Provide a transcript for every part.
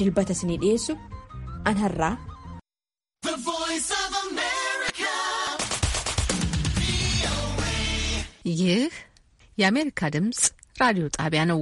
dilbataisanii dhiyeessu an har'aa. ይህ የአሜሪካ ድምፅ ራዲዮ ጣቢያ ነው።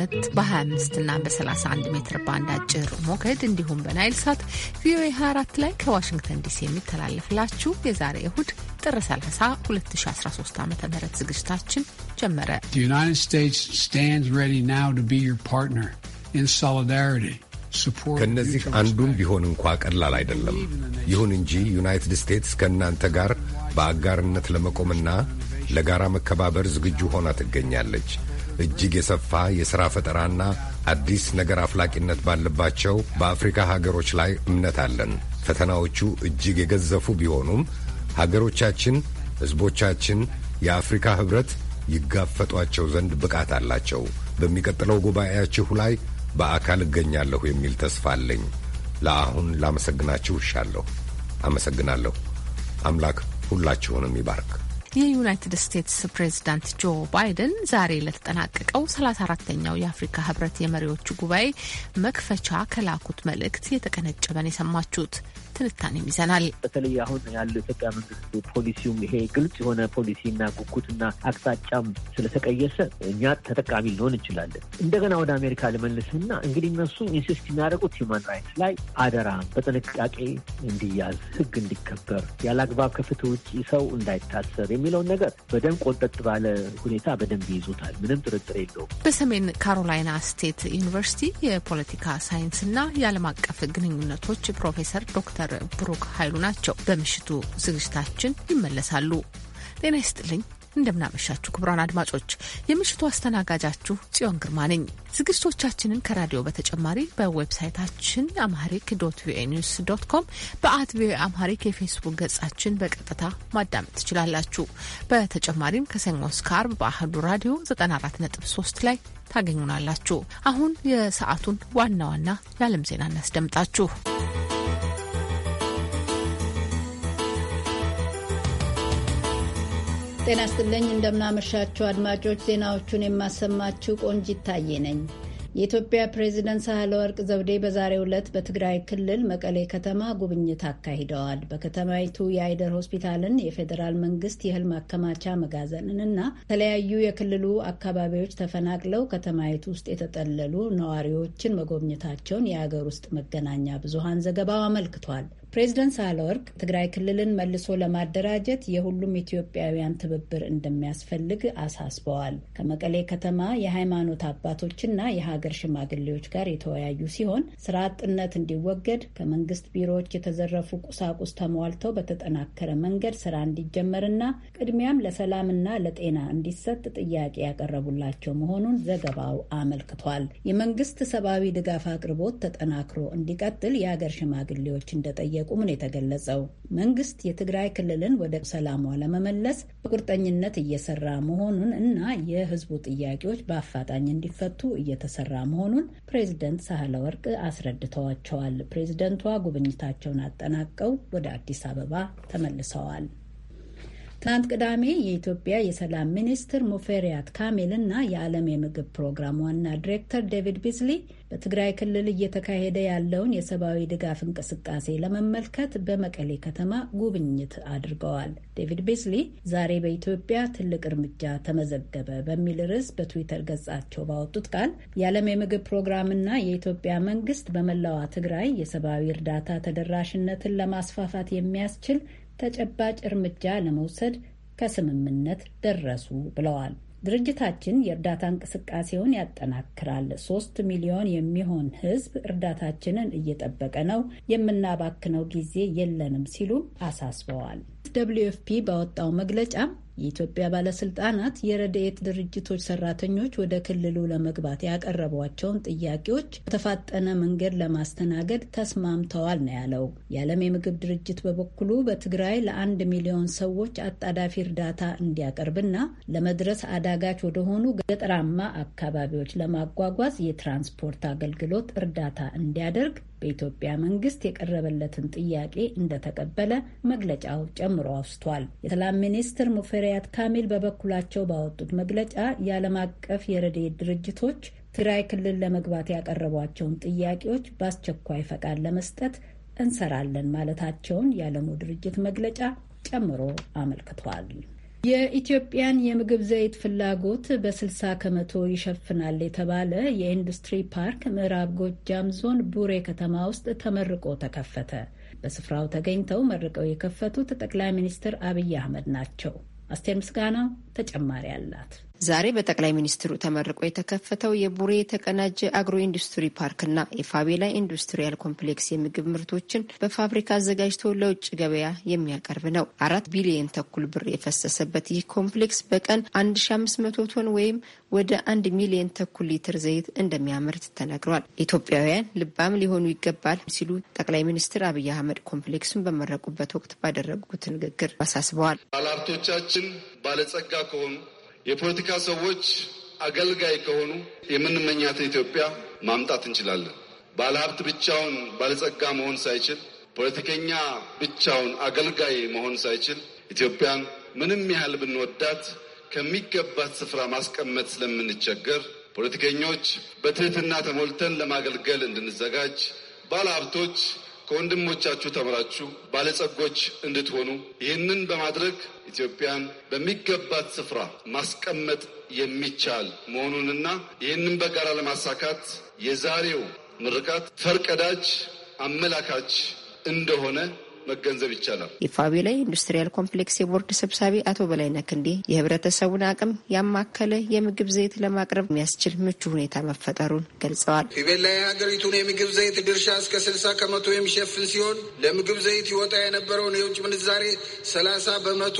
በ በ25 እና በ31 ሜትር ባንድ አጭር ሞገድ እንዲሁም በናይል ሳት ቪኦኤ 24 ላይ ከዋሽንግተን ዲሲ የሚተላለፍላችሁ የዛሬ እሁድ ጥር 30 2013 ዓ ም ዝግጅታችን ጀመረ። ዩናይትድ ስቴትስ ስታንድስ ሬዲ ናው ቱ ቢ ዮር ፓርትነር ኢን ሶሊዳሪቲ ከእነዚህ አንዱም ቢሆን እንኳ ቀላል አይደለም። ይሁን እንጂ ዩናይትድ ስቴትስ ከእናንተ ጋር በአጋርነት ለመቆምና ለጋራ መከባበር ዝግጁ ሆና ትገኛለች። እጅግ የሰፋ የሥራ ፈጠራና አዲስ ነገር አፍላቂነት ባለባቸው በአፍሪካ ሀገሮች ላይ እምነት አለን። ፈተናዎቹ እጅግ የገዘፉ ቢሆኑም ሀገሮቻችን፣ ሕዝቦቻችን የአፍሪካ ኅብረት ይጋፈጧቸው ዘንድ ብቃት አላቸው። በሚቀጥለው ጉባኤያችሁ ላይ በአካል እገኛለሁ የሚል ተስፋ አለኝ። ለአሁን ላመሰግናችሁ እሻለሁ። አመሰግናለሁ። አምላክ ሁላችሁንም ይባርክ። የዩናይትድ ስቴትስ ፕሬዝዳንት ጆ ባይደን ዛሬ ለተጠናቀቀው 34ተኛው የአፍሪካ ህብረት የመሪዎች ጉባኤ መክፈቻ ከላኩት መልእክት የተቀነጨበን የሰማችሁት። ትንታኔም ይዘናል። በተለይ አሁን ያለው ኢትዮጵያ መንግስት ፖሊሲውም ይሄ ግልጽ የሆነ ፖሊሲና ጉጉትና አቅጣጫም ስለተቀየሰ እኛ ተጠቃሚ ልንሆን እንችላለን። እንደገና ወደ አሜሪካ ልመልስና እንግዲህ እነሱ ኢንሲስት የሚያደርጉት ሂውማን ራይትስ ላይ አደራ በጥንቃቄ እንዲያዝ፣ ህግ እንዲከበር፣ ያለአግባብ ከፍትህ ውጭ ሰው እንዳይታሰር የሚለውን ነገር በደንብ ቆንጠጥ ባለ ሁኔታ በደንብ ይይዙታል። ምንም ጥርጥር የለውም። በሰሜን ካሮላይና ስቴት ዩኒቨርሲቲ የፖለቲካ ሳይንስና የዓለም አቀፍ ግንኙነቶች ፕሮፌሰር ዶክተር ዶክተር ብሩክ ኃይሉ ናቸው። በምሽቱ ዝግጅታችን ይመለሳሉ። ጤና ይስጥልኝ። እንደምናመሻችሁ ክቡራን አድማጮች፣ የምሽቱ አስተናጋጃችሁ ጽዮን ግርማ ነኝ። ዝግጅቶቻችንን ከራዲዮ በተጨማሪ በዌብሳይታችን አምሃሪክ ዶት ቪኦኤ ኒውስ ዶት ኮም፣ በአት ቪኦኤ አምሃሪክ የፌስቡክ ገጻችን በቀጥታ ማዳመጥ ትችላላችሁ። በተጨማሪም ከሰኞ እስከ አርብ በአህዱ ራዲዮ 94.3 ላይ ታገኙናላችሁ። አሁን የሰዓቱን ዋና ዋና የዓለም ዜና እናስደምጣችሁ። ጤና ይስጥልኝ። እንደምናመሻችሁ አድማጮች፣ ዜናዎቹን የማሰማችሁ ቆንጅ ይታየ ነኝ። የኢትዮጵያ ፕሬዝደንት ወርቅ ዘውዴ በዛሬው ዕለት በትግራይ ክልል መቀሌ ከተማ ጉብኝት አካሂደዋል። በከተማይቱ የአይደር ሆስፒታልን፣ የፌዴራል መንግስት የእህል ማከማቻ መጋዘንን እና የተለያዩ የክልሉ አካባቢዎች ተፈናቅለው ከተማይቱ ውስጥ የተጠለሉ ነዋሪዎችን መጎብኘታቸውን የአገር ውስጥ መገናኛ ብዙሃን ዘገባው አመልክቷል። ፕሬዚደንት ሳህለወርቅ ትግራይ ክልልን መልሶ ለማደራጀት የሁሉም ኢትዮጵያውያን ትብብር እንደሚያስፈልግ አሳስበዋል። ከመቀሌ ከተማ የሃይማኖት አባቶችና የሀገር ሽማግሌዎች ጋር የተወያዩ ሲሆን ስራ አጥነት እንዲወገድ ከመንግስት ቢሮዎች የተዘረፉ ቁሳቁስ ተሟልተው በተጠናከረ መንገድ ስራ እንዲጀመርና ቅድሚያም ለሰላምና ለጤና እንዲሰጥ ጥያቄ ያቀረቡላቸው መሆኑን ዘገባው አመልክቷል። የመንግስት ሰብአዊ ድጋፍ አቅርቦት ተጠናክሮ እንዲቀጥል የሀገር ሽማግሌዎች እንደጠየቁ መጠየቁም ነው የተገለጸው። መንግስት የትግራይ ክልልን ወደ ሰላሟ ለመመለስ በቁርጠኝነት እየሰራ መሆኑን እና የህዝቡ ጥያቄዎች በአፋጣኝ እንዲፈቱ እየተሰራ መሆኑን ፕሬዝደንት ሳህለ ወርቅ አስረድተዋቸዋል። ፕሬዝደንቷ ጉብኝታቸውን አጠናቀው ወደ አዲስ አበባ ተመልሰዋል። ትናንት ቅዳሜ የኢትዮጵያ የሰላም ሚኒስትር ሙፈሪያት ካሜል እና የዓለም የምግብ ፕሮግራም ዋና ዲሬክተር ዴቪድ ቢዝሊ በትግራይ ክልል እየተካሄደ ያለውን የሰብአዊ ድጋፍ እንቅስቃሴ ለመመልከት በመቀሌ ከተማ ጉብኝት አድርገዋል። ዴቪድ ቢዝሊ ዛሬ በኢትዮጵያ ትልቅ እርምጃ ተመዘገበ በሚል ርዕስ በትዊተር ገጻቸው ባወጡት ቃል የዓለም የምግብ ፕሮግራምና የኢትዮጵያ መንግስት በመላዋ ትግራይ የሰብአዊ እርዳታ ተደራሽነትን ለማስፋፋት የሚያስችል ተጨባጭ እርምጃ ለመውሰድ ከስምምነት ደረሱ ብለዋል። ድርጅታችን የእርዳታ እንቅስቃሴውን ያጠናክራል። ሶስት ሚሊዮን የሚሆን ሕዝብ እርዳታችንን እየጠበቀ ነው። የምናባክነው ጊዜ የለንም ሲሉም አሳስበዋል። ደብሊዩ ኤፍፒ ባወጣው መግለጫ የኢትዮጵያ ባለስልጣናት የረድኤት ድርጅቶች ሰራተኞች ወደ ክልሉ ለመግባት ያቀረቧቸውን ጥያቄዎች በተፋጠነ መንገድ ለማስተናገድ ተስማምተዋል ነው ያለው። የዓለም የምግብ ድርጅት በበኩሉ በትግራይ ለአንድ ሚሊዮን ሰዎች አጣዳፊ እርዳታ እንዲያቀርብና ለመድረስ አዳጋች ወደሆኑ ገጠራማ አካባቢዎች ለማጓጓዝ የትራንስፖርት አገልግሎት እርዳታ እንዲያደርግ በኢትዮጵያ መንግስት የቀረበለትን ጥያቄ እንደተቀበለ መግለጫው ጨምሮ አውስቷል። የሰላም ሚኒስትር ሙፈሪያት ካሚል በበኩላቸው ባወጡት መግለጫ የዓለም አቀፍ የረድኤት ድርጅቶች ትግራይ ክልል ለመግባት ያቀረቧቸውን ጥያቄዎች በአስቸኳይ ፈቃድ ለመስጠት እንሰራለን ማለታቸውን የዓለሙ ድርጅት መግለጫ ጨምሮ አመልክቷል። የኢትዮጵያን የምግብ ዘይት ፍላጎት በ60 ከመቶ ይሸፍናል የተባለ የኢንዱስትሪ ፓርክ ምዕራብ ጎጃም ዞን ቡሬ ከተማ ውስጥ ተመርቆ ተከፈተ። በስፍራው ተገኝተው መርቀው የከፈቱት ጠቅላይ ሚኒስትር አብይ አህመድ ናቸው። አስቴር ምስጋናው ተጨማሪ አላት። ዛሬ በጠቅላይ ሚኒስትሩ ተመርቆ የተከፈተው የቡሬ የተቀናጀ አግሮ ኢንዱስትሪ ፓርክና የፋቤላ ኢንዱስትሪያል ኮምፕሌክስ የምግብ ምርቶችን በፋብሪካ አዘጋጅቶ ለውጭ ገበያ የሚያቀርብ ነው። አራት ቢሊየን ተኩል ብር የፈሰሰበት ይህ ኮምፕሌክስ በቀን 1500 ቶን ወይም ወደ አንድ ሚሊየን ተኩል ሊትር ዘይት እንደሚያመርት ተነግሯል። ኢትዮጵያውያን ልባም ሊሆኑ ይገባል ሲሉ ጠቅላይ ሚኒስትር አብይ አህመድ ኮምፕሌክሱን በመረቁበት ወቅት ባደረጉት ንግግር አሳስበዋል። ባለሀብቶቻችን ባለጸጋ ከሆኑ የፖለቲካ ሰዎች አገልጋይ ከሆኑ የምንመኛትን ኢትዮጵያ ማምጣት እንችላለን። ባለሀብት ብቻውን ባለጸጋ መሆን ሳይችል፣ ፖለቲከኛ ብቻውን አገልጋይ መሆን ሳይችል ኢትዮጵያን ምንም ያህል ብንወዳት ከሚገባት ስፍራ ማስቀመጥ ስለምንቸገር ፖለቲከኞች በትህትና ተሞልተን ለማገልገል እንድንዘጋጅ፣ ባለሀብቶች ከወንድሞቻችሁ ተምራችሁ ባለጸጎች እንድትሆኑ ይህንን በማድረግ ኢትዮጵያን በሚገባት ስፍራ ማስቀመጥ የሚቻል መሆኑንና ይህንን በጋራ ለማሳካት የዛሬው ምርቃት ፈርቀዳጅ አመላካች እንደሆነ መገንዘብ ይቻላል። ላይ ኢንዱስትሪያል ኮምፕሌክስ የቦርድ ሰብሳቢ አቶ በላይነህ ክንዴ የህብረተሰቡን አቅም ያማከለ የምግብ ዘይት ለማቅረብ የሚያስችል ምቹ ሁኔታ መፈጠሩን ገልጸዋል። ፊቤላ የሀገሪቱን የምግብ ዘይት ድርሻ እስከ 6 ከመቶ የሚሸፍን ሲሆን ለምግብ ዘይት ይወጣ የነበረውን የውጭ ምንዛሬ 30 በመቶ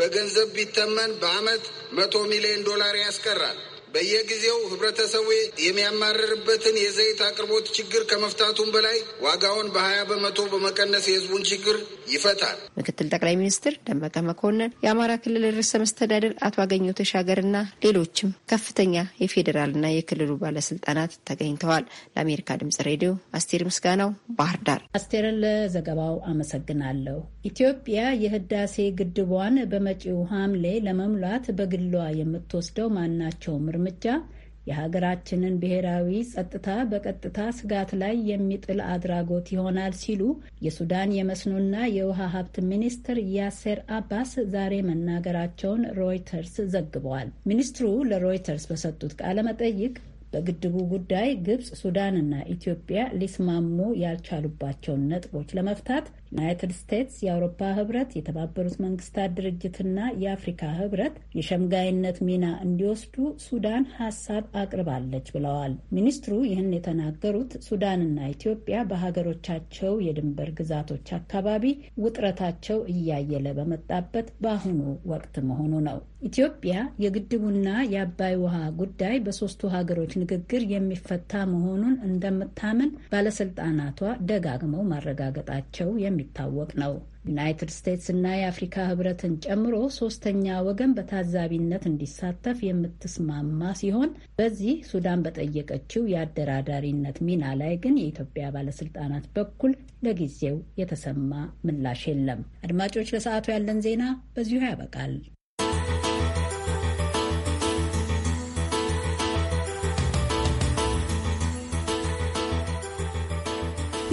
በገንዘብ ቢተመን በአመት መቶ ሚሊዮን ዶላር ያስቀራል። በየጊዜው ህብረተሰቡ የሚያማርርበትን የዘይት አቅርቦት ችግር ከመፍታቱም በላይ ዋጋውን በሀያ በመቶ በመቀነስ የህዝቡን ችግር ይፈታል። ምክትል ጠቅላይ ሚኒስትር ደመቀ መኮንን፣ የአማራ ክልል ርዕሰ መስተዳደር አቶ አገኘሁ ተሻገርና ሌሎችም ከፍተኛ የፌዴራልና የክልሉ ባለስልጣናት ተገኝተዋል። ለአሜሪካ ድምጽ ሬዲዮ አስቴር ምስጋናው ባህር ዳር። አስቴርን ለዘገባው አመሰግናለሁ። ኢትዮጵያ የህዳሴ ግድቧን በመጪው ሐምሌ ለመሙላት በግሏ የምትወስደው ምርመ እርምጃ የሀገራችንን ብሔራዊ ጸጥታ በቀጥታ ስጋት ላይ የሚጥል አድራጎት ይሆናል ሲሉ የሱዳን የመስኖና የውሃ ሀብት ሚኒስትር ያሴር አባስ ዛሬ መናገራቸውን ሮይተርስ ዘግበዋል። ሚኒስትሩ ለሮይተርስ በሰጡት ቃለ መጠይቅ በግድቡ ጉዳይ ግብፅ፣ ሱዳንና ኢትዮጵያ ሊስማሙ ያልቻሉባቸውን ነጥቦች ለመፍታት ዩናይትድ ስቴትስ፣ የአውሮፓ ህብረት፣ የተባበሩት መንግስታት ድርጅትና የአፍሪካ ህብረት የሸምጋይነት ሚና እንዲወስዱ ሱዳን ሀሳብ አቅርባለች ብለዋል። ሚኒስትሩ ይህን የተናገሩት ሱዳንና ኢትዮጵያ በሀገሮቻቸው የድንበር ግዛቶች አካባቢ ውጥረታቸው እያየለ በመጣበት በአሁኑ ወቅት መሆኑ ነው። ኢትዮጵያ የግድቡና የአባይ ውሃ ጉዳይ በሶስቱ ሀገሮች ንግግር የሚፈታ መሆኑን እንደምታምን ባለስልጣናቷ ደጋግመው ማረጋገጣቸው የሚ የሚታወቅ ነው። ዩናይትድ ስቴትስ እና የአፍሪካ ህብረትን ጨምሮ ሶስተኛ ወገን በታዛቢነት እንዲሳተፍ የምትስማማ ሲሆን በዚህ ሱዳን በጠየቀችው የአደራዳሪነት ሚና ላይ ግን የኢትዮጵያ ባለስልጣናት በኩል ለጊዜው የተሰማ ምላሽ የለም። አድማጮች፣ ለሰዓቱ ያለን ዜና በዚሁ ያበቃል።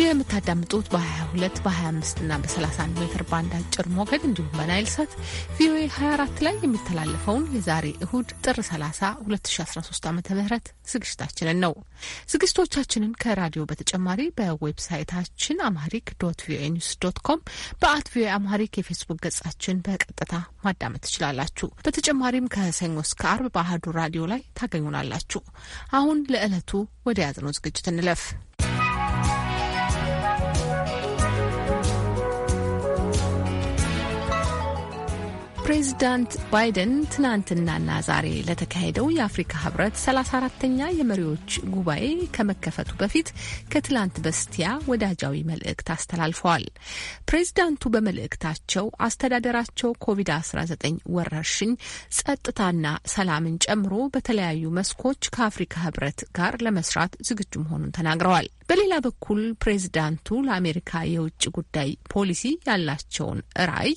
የምታዳምጡት በ22 በ25 እና በ31 ሜትር ባንድ አጭር ሞገድ እንዲሁም በናይል ሳት ቪኦኤ 24 ላይ የሚተላለፈውን የዛሬ እሁድ ጥር 30 2013 ዓ ም ዝግጅታችንን ነው። ዝግጅቶቻችንን ከራዲዮ በተጨማሪ በዌብሳይታችን አማሪክ ዶት ቪኦኤ ኒውስ ዶት ኮም፣ በአት ቪኦኤ አማሪክ የፌስቡክ ገጻችን በቀጥታ ማዳመጥ ትችላላችሁ። በተጨማሪም ከሰኞ እስከ አርብ በአህዱ ራዲዮ ላይ ታገኙናላችሁ። አሁን ለዕለቱ ወደ ያዝነው ዝግጅት እንለፍ። ፕሬዚዳንት ባይደን ትናንትናና ዛሬ ለተካሄደው የአፍሪካ ህብረት 34ተኛ የመሪዎች ጉባኤ ከመከፈቱ በፊት ከትላንት በስቲያ ወዳጃዊ መልእክት አስተላልፈዋል። ፕሬዚዳንቱ በመልእክታቸው አስተዳደራቸው ኮቪድ-19 ወረርሽኝ፣ ጸጥታና ሰላምን ጨምሮ በተለያዩ መስኮች ከአፍሪካ ህብረት ጋር ለመስራት ዝግጁ መሆኑን ተናግረዋል። በሌላ በኩል ፕሬዚዳንቱ ለአሜሪካ የውጭ ጉዳይ ፖሊሲ ያላቸውን ራዕይ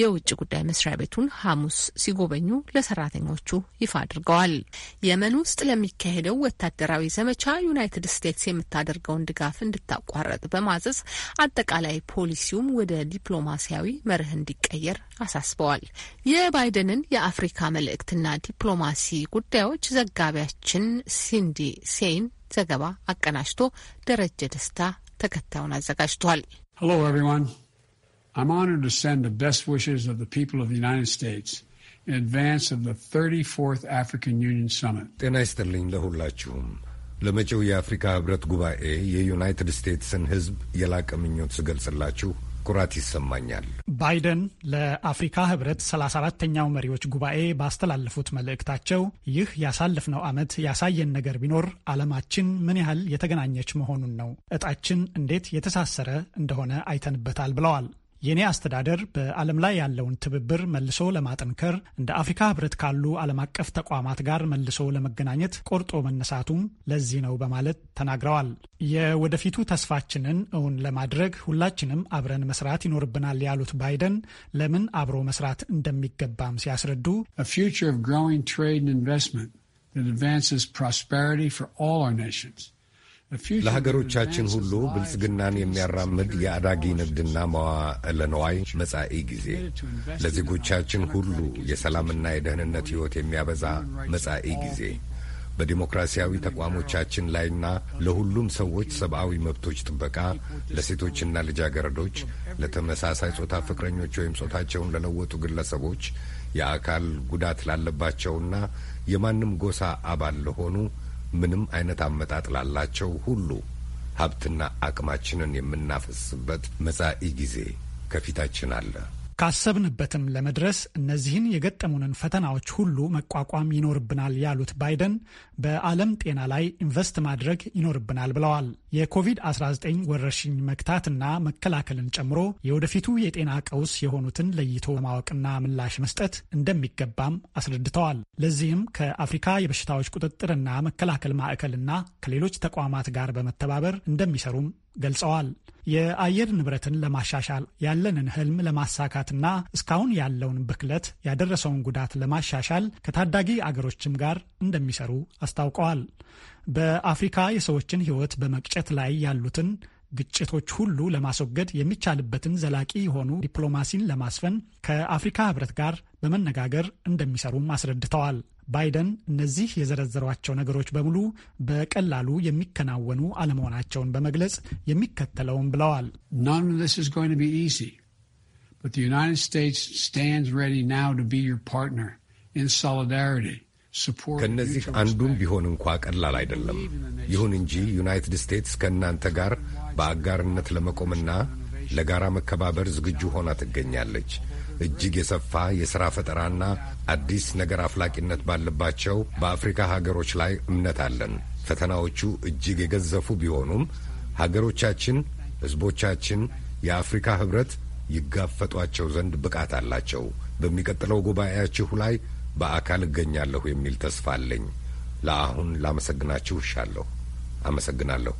የውጭ ጉዳይ መስሪያ ቤቱን ሐሙስ ሲጎበኙ ለሰራተኞቹ ይፋ አድርገዋል። የመን ውስጥ ለሚካሄደው ወታደራዊ ዘመቻ ዩናይትድ ስቴትስ የምታደርገውን ድጋፍ እንድታቋረጥ በማዘዝ አጠቃላይ ፖሊሲውም ወደ ዲፕሎማሲያዊ መርህ እንዲቀየር አሳስበዋል። የባይደንን የአፍሪካ መልእክትና ዲፕሎማሲ ጉዳዮች ዘጋቢያችን ሲንዲ ሴይን ዘገባ አቀናጅቶ ደረጀ ደስታ ተከታዩን አዘጋጅቷል። I'm honored to send the best wishes of the people of the United States in advance of the 34th African Union Summit. ጤና ይስጥልኝ ለሁላችሁም። ለመጪው የአፍሪካ ህብረት ጉባኤ የዩናይትድ ስቴትስን ህዝብ የላቀ ምኞት ስገልጽላችሁ ኩራት ይሰማኛል። ባይደን ለአፍሪካ ህብረት 34ተኛው መሪዎች ጉባኤ ባስተላለፉት መልእክታቸው ይህ ያሳለፍነው ዓመት ያሳየን ነገር ቢኖር ዓለማችን ምን ያህል የተገናኘች መሆኑን ነው፣ እጣችን እንዴት የተሳሰረ እንደሆነ አይተንበታል ብለዋል። የኔ አስተዳደር በዓለም ላይ ያለውን ትብብር መልሶ ለማጠንከር እንደ አፍሪካ ህብረት ካሉ ዓለም አቀፍ ተቋማት ጋር መልሶ ለመገናኘት ቆርጦ መነሳቱም ለዚህ ነው በማለት ተናግረዋል። የወደፊቱ ተስፋችንን እውን ለማድረግ ሁላችንም አብረን መስራት ይኖርብናል ያሉት ባይደን ለምን አብሮ መስራት እንደሚገባም ሲያስረዱ ፊውቸር ኦፍ ግሮዊንግ ትሬድ ኢንቨስትመንት ዛት ፕሮስፐሪቲ ፎር ኦል አወር ኔሽንስ ለሀገሮቻችን ሁሉ ብልጽግናን የሚያራምድ የአዳጊ ንግድና መዋዕለ ነዋይ መጻኢ ጊዜ፣ ለዜጎቻችን ሁሉ የሰላምና የደህንነት ሕይወት የሚያበዛ መጻኢ ጊዜ በዲሞክራሲያዊ ተቋሞቻችን ላይና ለሁሉም ሰዎች ሰብአዊ መብቶች ጥበቃ፣ ለሴቶችና ልጃገረዶች፣ ለተመሳሳይ ጾታ ፍቅረኞች ወይም ጾታቸውን ለለወጡ ግለሰቦች፣ የአካል ጉዳት ላለባቸውና የማንም ጎሳ አባል ለሆኑ ምንም አይነት አመጣጥ ላላቸው ሁሉ ሀብትና አቅማችንን የምናፈስበት መጻኢ ጊዜ ከፊታችን አለ። ካሰብንበትም ለመድረስ እነዚህን የገጠሙንን ፈተናዎች ሁሉ መቋቋም ይኖርብናል ያሉት ባይደን በዓለም ጤና ላይ ኢንቨስት ማድረግ ይኖርብናል ብለዋል። የኮቪድ-19 ወረርሽኝ መግታትና መከላከልን ጨምሮ የወደፊቱ የጤና ቀውስ የሆኑትን ለይቶ ማወቅና ምላሽ መስጠት እንደሚገባም አስረድተዋል። ለዚህም ከአፍሪካ የበሽታዎች ቁጥጥርና መከላከል ማዕከልና ከሌሎች ተቋማት ጋር በመተባበር እንደሚሰሩም ገልጸዋል። የአየር ንብረትን ለማሻሻል ያለንን ህልም ለማሳካትና እስካሁን ያለውን ብክለት ያደረሰውን ጉዳት ለማሻሻል ከታዳጊ አገሮችም ጋር እንደሚሰሩ አስታውቀዋል። በአፍሪካ የሰዎችን ህይወት በመቅጨት ላይ ያሉትን ግጭቶች ሁሉ ለማስወገድ የሚቻልበትን ዘላቂ የሆኑ ዲፕሎማሲን ለማስፈን ከአፍሪካ ህብረት ጋር በመነጋገር እንደሚሰሩም አስረድተዋል። ባይደን እነዚህ የዘረዘሯቸው ነገሮች በሙሉ በቀላሉ የሚከናወኑ አለመሆናቸውን በመግለጽ የሚከተለውም ብለዋል። ከእነዚህ አንዱም ቢሆን እንኳ ቀላል አይደለም። ይሁን እንጂ ዩናይትድ ስቴትስ ከእናንተ ጋር በአጋርነት ለመቆምና ለጋራ መከባበር ዝግጁ ሆና ትገኛለች። እጅግ የሰፋ የሥራ ፈጠራና አዲስ ነገር አፍላቂነት ባለባቸው በአፍሪካ ሀገሮች ላይ እምነት አለን። ፈተናዎቹ እጅግ የገዘፉ ቢሆኑም ሀገሮቻችን፣ ሕዝቦቻችን የአፍሪካ ኅብረት ይጋፈጧቸው ዘንድ ብቃት አላቸው። በሚቀጥለው ጉባኤያችሁ ላይ በአካል እገኛለሁ የሚል ተስፋ አለኝ። ለአሁን ላመሰግናችሁ እሻለሁ። አመሰግናለሁ።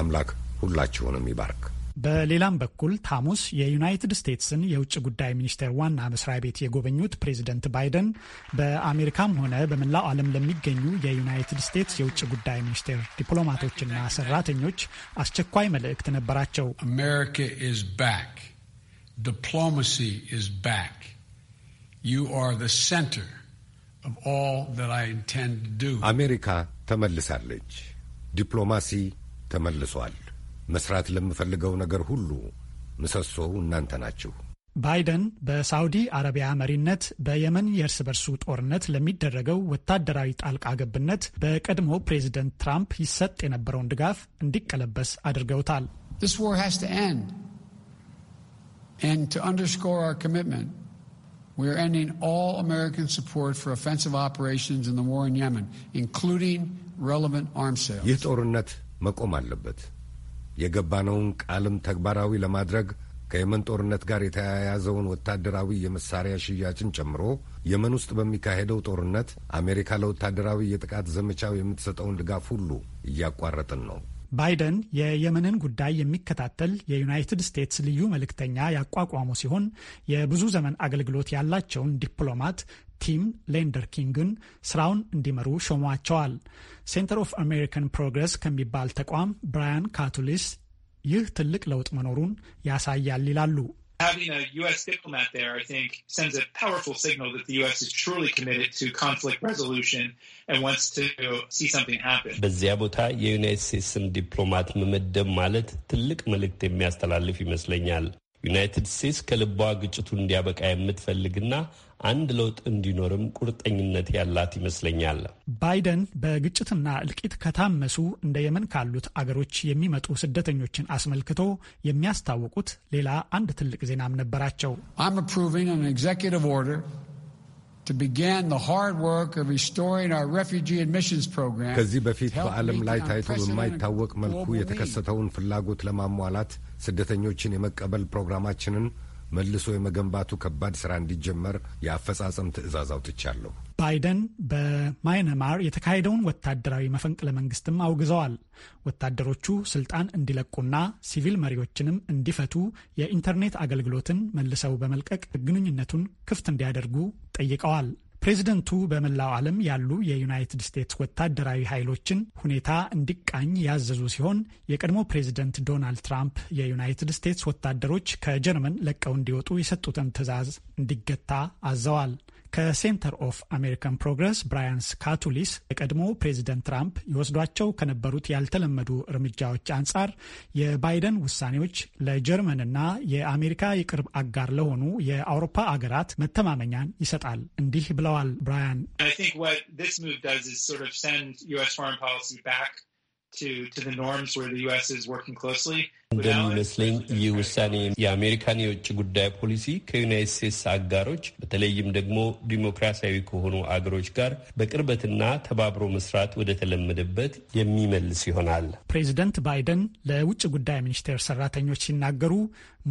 አምላክ ሁላችሁንም ይባርክ። በሌላም በኩል ታሙስ የዩናይትድ ስቴትስን የውጭ ጉዳይ ሚኒስቴር ዋና መስሪያ ቤት የጎበኙት ፕሬዚደንት ባይደን በአሜሪካም ሆነ በመላው ዓለም ለሚገኙ የዩናይትድ ስቴትስ የውጭ ጉዳይ ሚኒስቴር ዲፕሎማቶችና ሰራተኞች አስቸኳይ መልእክት ነበራቸው። አሜሪካ ተመልሳለች። ዲፕሎማሲ ተመልሷል። መስራት ለምፈልገው ነገር ሁሉ ምሰሶው እናንተ ናችሁ። ባይደን በሳውዲ አረቢያ መሪነት በየመን የእርስ በርሱ ጦርነት ለሚደረገው ወታደራዊ ጣልቃ ገብነት በቀድሞ ፕሬዚደንት ትራምፕ ይሰጥ የነበረውን ድጋፍ እንዲቀለበስ አድርገውታል። ይህ ጦርነት መቆም አለበት። የገባነውን ቃልም ተግባራዊ ለማድረግ ከየመን ጦርነት ጋር የተያያዘውን ወታደራዊ የመሳሪያ ሽያጭን ጨምሮ የመን ውስጥ በሚካሄደው ጦርነት አሜሪካ ለወታደራዊ የጥቃት ዘመቻው የምትሰጠውን ድጋፍ ሁሉ እያቋረጥን ነው። ባይደን የየመንን ጉዳይ የሚከታተል የዩናይትድ ስቴትስ ልዩ መልእክተኛ ያቋቋሙ ሲሆን የብዙ ዘመን አገልግሎት ያላቸውን ዲፕሎማት ቲም ሌንደር ኪንግን ስራውን እንዲመሩ ሾሟቸዋል። ሴንተር ኦፍ አሜሪካን ፕሮግረስ ከሚባል ተቋም ብራያን ካቱሊስ ይህ ትልቅ ለውጥ መኖሩን ያሳያል ይላሉ። having a U.S. diplomat there, I think, sends a powerful signal that the U.S. is truly committed to conflict resolution and wants to see something happen. በዚያ ቦታ የዩናይት ስቴትስን ዲፕሎማት መመደብ ማለት ትልቅ መልእክት የሚያስተላልፍ ይመስለኛል። ዩናይትድ ስቴትስ ከልቧ ግጭቱ እንዲያበቃ የምትፈልግና አንድ ለውጥ እንዲኖርም ቁርጠኝነት ያላት ይመስለኛል። ባይደን በግጭትና እልቂት ከታመሱ እንደ የመን ካሉት አገሮች የሚመጡ ስደተኞችን አስመልክቶ የሚያስታውቁት ሌላ አንድ ትልቅ ዜናም ነበራቸው። ከዚህ በፊት በዓለም ላይ ታይቶ በማይታወቅ መልኩ የተከሰተውን ፍላጎት ለማሟላት ስደተኞችን የመቀበል ፕሮግራማችንን መልሶ የመገንባቱ ከባድ ስራ እንዲጀመር የአፈጻጸም ትዕዛዝ አውጥቻለሁ። ባይደን በማይነማር የተካሄደውን ወታደራዊ መፈንቅለ መንግስትም አውግዘዋል። ወታደሮቹ ስልጣን እንዲለቁና ሲቪል መሪዎችንም እንዲፈቱ፣ የኢንተርኔት አገልግሎትን መልሰው በመልቀቅ ግንኙነቱን ክፍት እንዲያደርጉ ጠይቀዋል። ፕሬዝደንቱ በመላው ዓለም ያሉ የዩናይትድ ስቴትስ ወታደራዊ ኃይሎችን ሁኔታ እንዲቃኝ ያዘዙ ሲሆን የቀድሞ ፕሬዝደንት ዶናልድ ትራምፕ የዩናይትድ ስቴትስ ወታደሮች ከጀርመን ለቀው እንዲወጡ የሰጡትን ትዕዛዝ እንዲገታ አዘዋል። ከሴንተር ኦፍ አሜሪካን ፕሮግረስ ብራያንስ ካቱሊስ የቀድሞ ፕሬዚደንት ትራምፕ ይወስዷቸው ከነበሩት ያልተለመዱ እርምጃዎች አንጻር የባይደን ውሳኔዎች ለጀርመንና የአሜሪካ የቅርብ አጋር ለሆኑ የአውሮፓ አገራት መተማመኛን ይሰጣል። እንዲህ ብለዋል ብራያን እንደሚመስለኝ ይህ ውሳኔ የአሜሪካን የውጭ ጉዳይ ፖሊሲ ከዩናይት ስቴትስ አጋሮች በተለይም ደግሞ ዲሞክራሲያዊ ከሆኑ አገሮች ጋር በቅርበትና ተባብሮ መስራት ወደ ተለመደበት የሚመልስ ይሆናል። ፕሬዚደንት ባይደን ለውጭ ጉዳይ ሚኒስቴር ሰራተኞች ሲናገሩ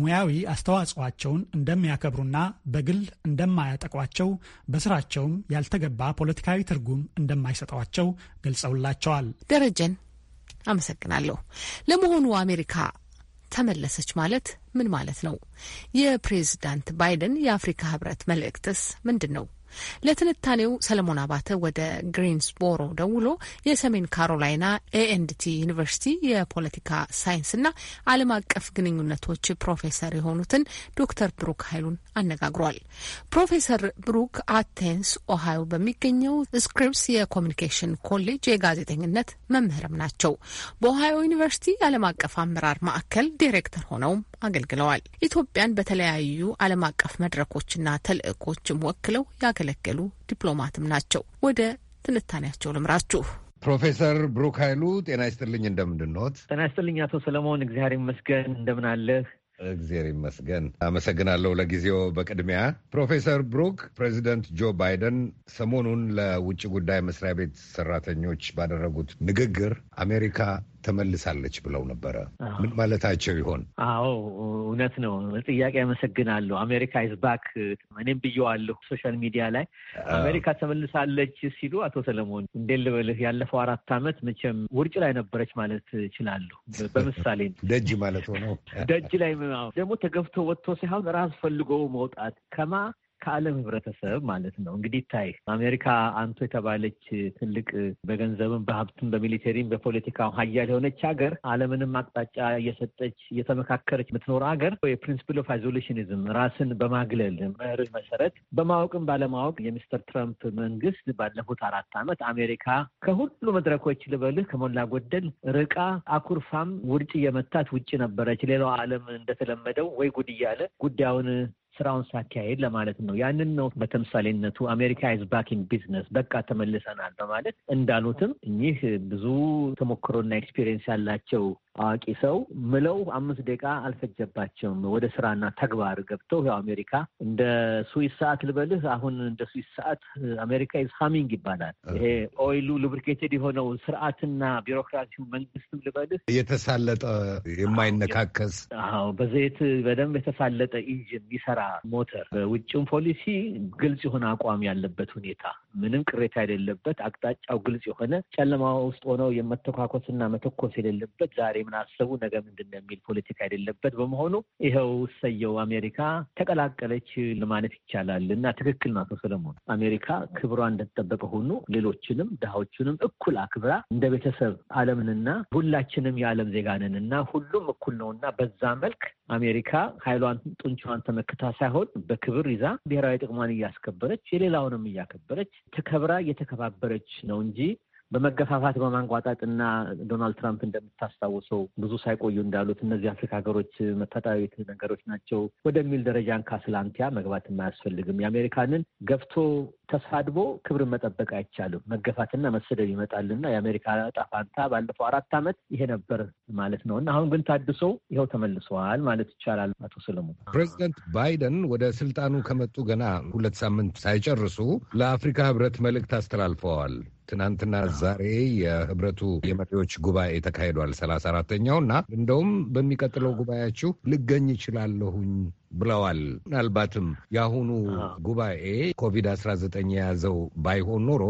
ሙያዊ አስተዋጽኦአቸውን እንደሚያከብሩና በግል እንደማያጠቋቸው በስራቸውም ያልተገባ ፖለቲካዊ ትርጉም እንደማይሰጠዋቸው ገልጸውላቸዋል። ደረጀን አመሰግናለሁ። ለመሆኑ አሜሪካ ተመለሰች ማለት ምን ማለት ነው? የፕሬዝዳንት ባይደን የአፍሪካ ህብረት መልእክትስ ምንድን ነው? ለትንታኔው ሰለሞን አባተ ወደ ግሪንስቦሮ ደውሎ የሰሜን ካሮላይና ኤኤንዲቲ ዩኒቨርሲቲ የፖለቲካ ሳይንስና ዓለም አቀፍ ግንኙነቶች ፕሮፌሰር የሆኑትን ዶክተር ብሩክ ኃይሉን አነጋግሯል። ፕሮፌሰር ብሩክ አቴንስ ኦሃዮ በሚገኘው ስክሪፕስ የኮሚኒኬሽን ኮሌጅ የጋዜጠኝነት መምህርም ናቸው። በኦሃዮ ዩኒቨርሲቲ የዓለም አቀፍ አመራር ማዕከል ዲሬክተር ሆነውም አገልግለዋል። ኢትዮጵያን በተለያዩ ዓለም አቀፍ መድረኮችና ተልእኮችም ወክለው ያገለገሉ ዲፕሎማትም ናቸው። ወደ ትንታኔያቸው ልምራችሁ። ፕሮፌሰር ብሩክ ኃይሉ ጤና ይስጥልኝ። እንደምንድን ጤና ይስጥልኝ አቶ ሰለሞን። እግዚአብሔር ይመስገን። እንደምን አለህ? እግዚአብሔር ይመስገን። አመሰግናለሁ። ለጊዜው በቅድሚያ ፕሮፌሰር ብሩክ ፕሬዚደንት ጆ ባይደን ሰሞኑን ለውጭ ጉዳይ መስሪያ ቤት ሰራተኞች ባደረጉት ንግግር አሜሪካ ተመልሳለች ብለው ነበረ። ምን ማለታቸው ይሆን? አዎ እውነት ነው። ጥያቄ አመሰግናለሁ። አሜሪካ ኢዝ ባክ እኔም ብየዋለሁ ሶሻል ሚዲያ ላይ አሜሪካ ተመልሳለች ሲሉ አቶ ሰለሞን እንዴት ልበልህ፣ ያለፈው አራት ዓመት መቼም ውርጭ ላይ ነበረች ማለት እችላለሁ። በምሳሌ ደጅ ማለት ሆነው ደጅ ላይ ደግሞ ተገብቶ ወጥቶ ሳይሆን ራስ ፈልጎ መውጣት ከማ ከዓለም ህብረተሰብ ማለት ነው። እንግዲህ ታይ አሜሪካ አንቱ የተባለች ትልቅ በገንዘብም በሀብትም በሚሊቴሪም በፖለቲካ ሀያል የሆነች ሀገር ዓለምንም አቅጣጫ እየሰጠች እየተመካከረች የምትኖር ሀገር የፕሪንስፕል ኦፍ አይዞሌሽኒዝም ራስን በማግለል መርህ መሰረት በማወቅም ባለማወቅ የሚስተር ትራምፕ መንግስት ባለፉት አራት ዓመት አሜሪካ ከሁሉ መድረኮች ልበልህ ከሞላ ጎደል ርቃ አኩርፋም ውርጭ እየመታት ውጭ ነበረች። ሌላው ዓለም እንደተለመደው ወይ ጉድ እያለ ጉዳዩን ስራውን ሳካሄድ ለማለት ነው። ያንን ነው በተምሳሌነቱ አሜሪካ ኢዝ ባክ ኢን ቢዝነስ በቃ ተመልሰናል በማለት እንዳሉትም እኚህ ብዙ ተሞክሮና ኤክስፒሪየንስ ያላቸው አዋቂ ሰው ምለው አምስት ደቂቃ አልፈጀባቸውም። ወደ ስራና ተግባር ገብተው ያው አሜሪካ እንደ ስዊስ ሰዓት ልበልህ፣ አሁን እንደ ስዊስ ሰዓት አሜሪካ ኢዝ ሃሚንግ ይባላል። ይሄ ኦይሉ ሉብሪኬትድ የሆነው ስርዓትና ቢሮክራሲው መንግስትም ልበልህ የተሳለጠ የማይነካከስ አዎ፣ በዘይት በደንብ የተሳለጠ ኢንጂን የሚሰራ ሞተር፣ በውጭም ፖሊሲ ግልጽ የሆነ አቋም ያለበት ሁኔታ፣ ምንም ቅሬታ የሌለበት አቅጣጫው ግልጽ የሆነ ጨለማ ውስጥ ሆነው የመተኳኮስና መተኮስ የሌለበት ዛሬ ምን አሰቡ ነገ ምንድን ነው የሚል ፖለቲካ የሌለበት በመሆኑ ይኸው ሰየው አሜሪካ ተቀላቀለች ለማለት ይቻላል። እና ትክክል ናቶ ሰለሞን አሜሪካ ክብሯ እንደተጠበቀ ሆኑ ሌሎችንም ድሃዎችንም እኩል አክብራ እንደ ቤተሰብ ዓለምንና ሁላችንም የዓለም ዜጋ ነን እና ሁሉም እኩል ነውና በዛ መልክ አሜሪካ ኃይሏን ጡንቻዋን ተመክታ ሳይሆን በክብር ይዛ ብሔራዊ ጥቅሟን እያስከበረች የሌላውንም እያከበረች ተከብራ እየተከባበረች ነው እንጂ በመገፋፋት በማንቋጣጥ እና ዶናልድ ትራምፕ እንደምታስታውሰው ብዙ ሳይቆዩ እንዳሉት እነዚህ አፍሪካ ሀገሮች መታጣዊት ነገሮች ናቸው ወደሚል ደረጃ እንካ ስላንቲያ መግባትም አያስፈልግም። የአሜሪካንን ገፍቶ ተሳድቦ ክብርን መጠበቅ አይቻልም። መገፋትና መሰደብ ይመጣልና የአሜሪካ ዕጣ ባለፈው አራት ዓመት ይሄ ነበር ማለት ነው እና አሁን ግን ታድሶ ይኸው ተመልሰዋል ማለት ይቻላል። አቶ ሰለሞን ፕሬዚደንት ባይደን ወደ ስልጣኑ ከመጡ ገና ሁለት ሳምንት ሳይጨርሱ ለአፍሪካ ህብረት መልእክት አስተላልፈዋል። ትናንትና ዛሬ የህብረቱ የመሪዎች ጉባኤ ተካሂዷል፣ ሰላሳ አራተኛው እና እንደውም በሚቀጥለው ጉባኤያችሁ ልገኝ ይችላለሁኝ ብለዋል። ምናልባትም የአሁኑ ጉባኤ ኮቪድ 19 የያዘው ባይሆን ኖሮ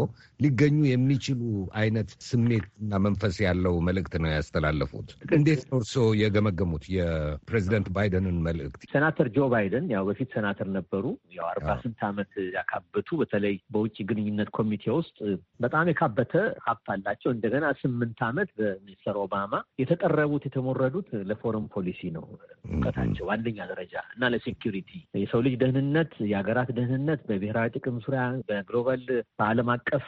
ሊገኙ የሚችሉ አይነት ስሜት እና መንፈስ ያለው መልእክት ነው ያስተላለፉት። እንዴት ነው እርስዎ የገመገሙት የፕሬዚደንት ባይደንን መልእክት? ሴናተር ጆ ባይደን ያው በፊት ሴናተር ነበሩ። ያው አርባ ስንት ዓመት ያካበቱ በተለይ በውጭ ግንኙነት ኮሚቴ ውስጥ በጣም የካበተ ሀብት አላቸው። እንደገና ስምንት ዓመት በሚስተር ኦባማ የተጠረቡት የተሞረዱት ለፎረን ፖሊሲ ነው እውቀታቸው አንደኛ ደረጃ እና የተሻለ ሴኪሪቲ የሰው ልጅ ደህንነት፣ የሀገራት ደህንነት በብሔራዊ ጥቅም ዙሪያ በግሎባል በዓለም አቀፍ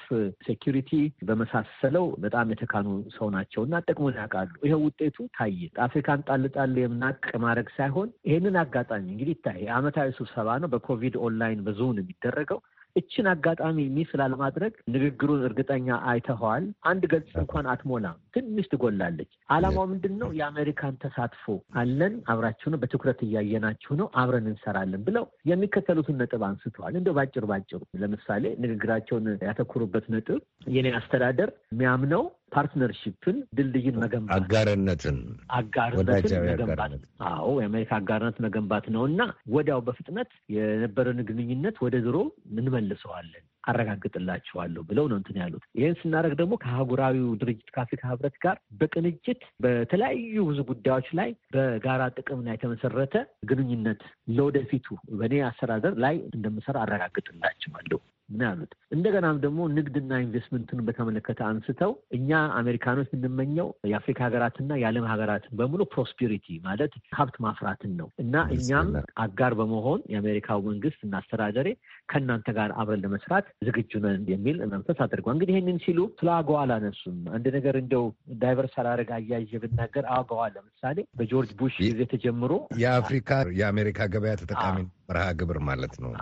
ሴኪሪቲ በመሳሰለው በጣም የተካኑ ሰው ናቸው እና ጥቅሙን ያውቃሉ። ይሄ ውጤቱ ታየ። አፍሪካን ጣልጣል የምናቅ ማድረግ ሳይሆን ይህንን አጋጣሚ እንግዲህ ይታይ። የአመታዊ ስብሰባ ነው በኮቪድ ኦንላይን በዙም ነው የሚደረገው። እችን አጋጣሚ ሚስ ላለማድረግ ንግግሩን እርግጠኛ አይተኸዋል። አንድ ገጽ እንኳን አትሞላም፣ ትንሽ ትጎላለች። አላማው ምንድን ነው? የአሜሪካን ተሳትፎ አለን፣ አብራችሁ ነው፣ በትኩረት እያየናችሁ ነው፣ አብረን እንሰራለን ብለው የሚከተሉትን ነጥብ አንስተዋል። እንደው ባጭሩ ባጭሩ ለምሳሌ ንግግራቸውን ያተኩሩበት ነጥብ የኔ አስተዳደር የሚያምነው ፓርትነርሽፕን ድልድይን መገንባት አጋርነትን አጋርነትን መገንባት አዎ የአሜሪካ አጋርነት መገንባት ነው እና ወዲያው በፍጥነት የነበረን ግንኙነት ወደ ድሮ እንመልሰዋለን አረጋግጥላቸዋለሁ ብለው ነው እንትን ያሉት። ይህን ስናደርግ ደግሞ ከአህጉራዊው ድርጅት ከአፍሪካ ህብረት ጋር በቅንጅት በተለያዩ ብዙ ጉዳዮች ላይ በጋራ ጥቅም ላይ የተመሰረተ ግንኙነት ለወደፊቱ በእኔ አስተዳደር ላይ እንደምሰራ አረጋግጥላቸዋለሁ ምን ያሉት እንደገናም ደግሞ ንግድና ኢንቨስትመንትን በተመለከተ አንስተው እኛ አሜሪካኖች የምንመኘው የአፍሪካ ሀገራትና የዓለም ሀገራትን በሙሉ ፕሮስፔሪቲ ማለት ሀብት ማፍራትን ነው እና እኛም አጋር በመሆን የአሜሪካው መንግስት እና አስተዳደሬ ከእናንተ ጋር አብረን ለመስራት ዝግጁ ነን የሚል መንፈስ አድርጓል። እንግዲህ ይህንን ሲሉ ስለ አገዋ አላነሱም። አንድ ነገር እንደው ዳይቨርስ አላደረግ አያይዤ ብናገር አገዋ ለምሳሌ በጆርጅ ቡሽ ጊዜ ተጀምሮ የአፍሪካ የአሜሪካ ገበያ ተጠቃሚ መርሃ ግብር ማለት ነው።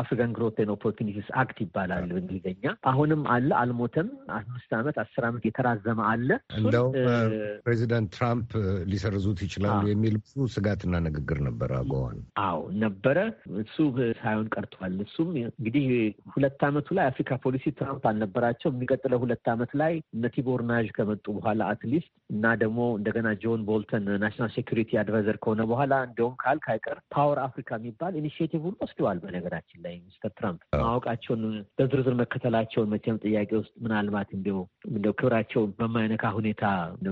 አፍሪካን ግሮት ኤንድ አክት ይባላል። እንግሊዝኛ አሁንም አለ፣ አልሞተም። አምስት ዓመት አስር ዓመት የተራዘመ አለ። እንደው ፕሬዚዳንት ትራምፕ ሊሰርዙት ይችላሉ የሚል ብዙ ስጋትና ንግግር ነበረ። አጎዋን አዎ ነበረ። እሱ ሳይሆን ቀርቷል። እሱም እንግዲህ ሁለት ዓመቱ ላይ አፍሪካ ፖሊሲ ትራምፕ አልነበራቸው። የሚቀጥለው ሁለት ዓመት ላይ እነ ቲቦር ናዥ ከመጡ በኋላ አትሊስት እና ደግሞ እንደገና ጆን ቦልተን ናሽናል ሴኩሪቲ አድቫይዘር ከሆነ በኋላ እንደውም ካልክ አይቀር ፓወር አፍሪካ የሚባል ኢኒሽቲቭ ሁሉ ወስደዋል። በነገራችን ላይ ሚስተር ትራምፕ ማወቃቸውን በዝርዝር መከተላቸውን መቼም ጥያቄ ውስጥ ምናልባት እንዲያው ክብራቸውን በማይነካ ሁኔታ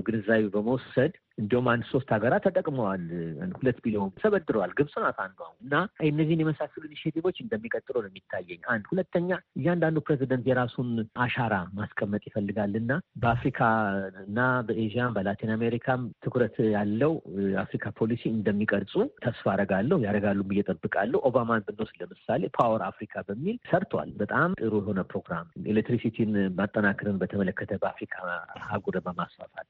ግንዛቤ በመውሰድ እንዲሁም አንድ ሶስት ሀገራት ተጠቅመዋል። ሁለት ቢሊዮን ተበድረዋል። ግብጽ ናት አንዷ እና እነዚህን የመሳሰሉ ኢኒሽቲቮች እንደሚቀጥሉ ነው የሚታየኝ። አንድ ሁለተኛ፣ እያንዳንዱ ፕሬዚደንት የራሱን አሻራ ማስቀመጥ ይፈልጋል እና በአፍሪካ እና በኤዥያም በላቲን አሜሪካም ትኩረት ያለው አፍሪካ ፖሊሲ እንደሚቀርጹ ተስፋ አረጋለሁ። ያደረጋሉ ብዬ እጠብቃለሁ። ኦባማን ብንወስድ ለምሳሌ ፓወር አፍሪካ በሚል ሰርቷል። በጣም ጥሩ የሆነ ፕሮግራም ኤሌክትሪሲቲን ማጠናከርን በተመለከተ በአፍሪካ አህጉርን በማስፋፋት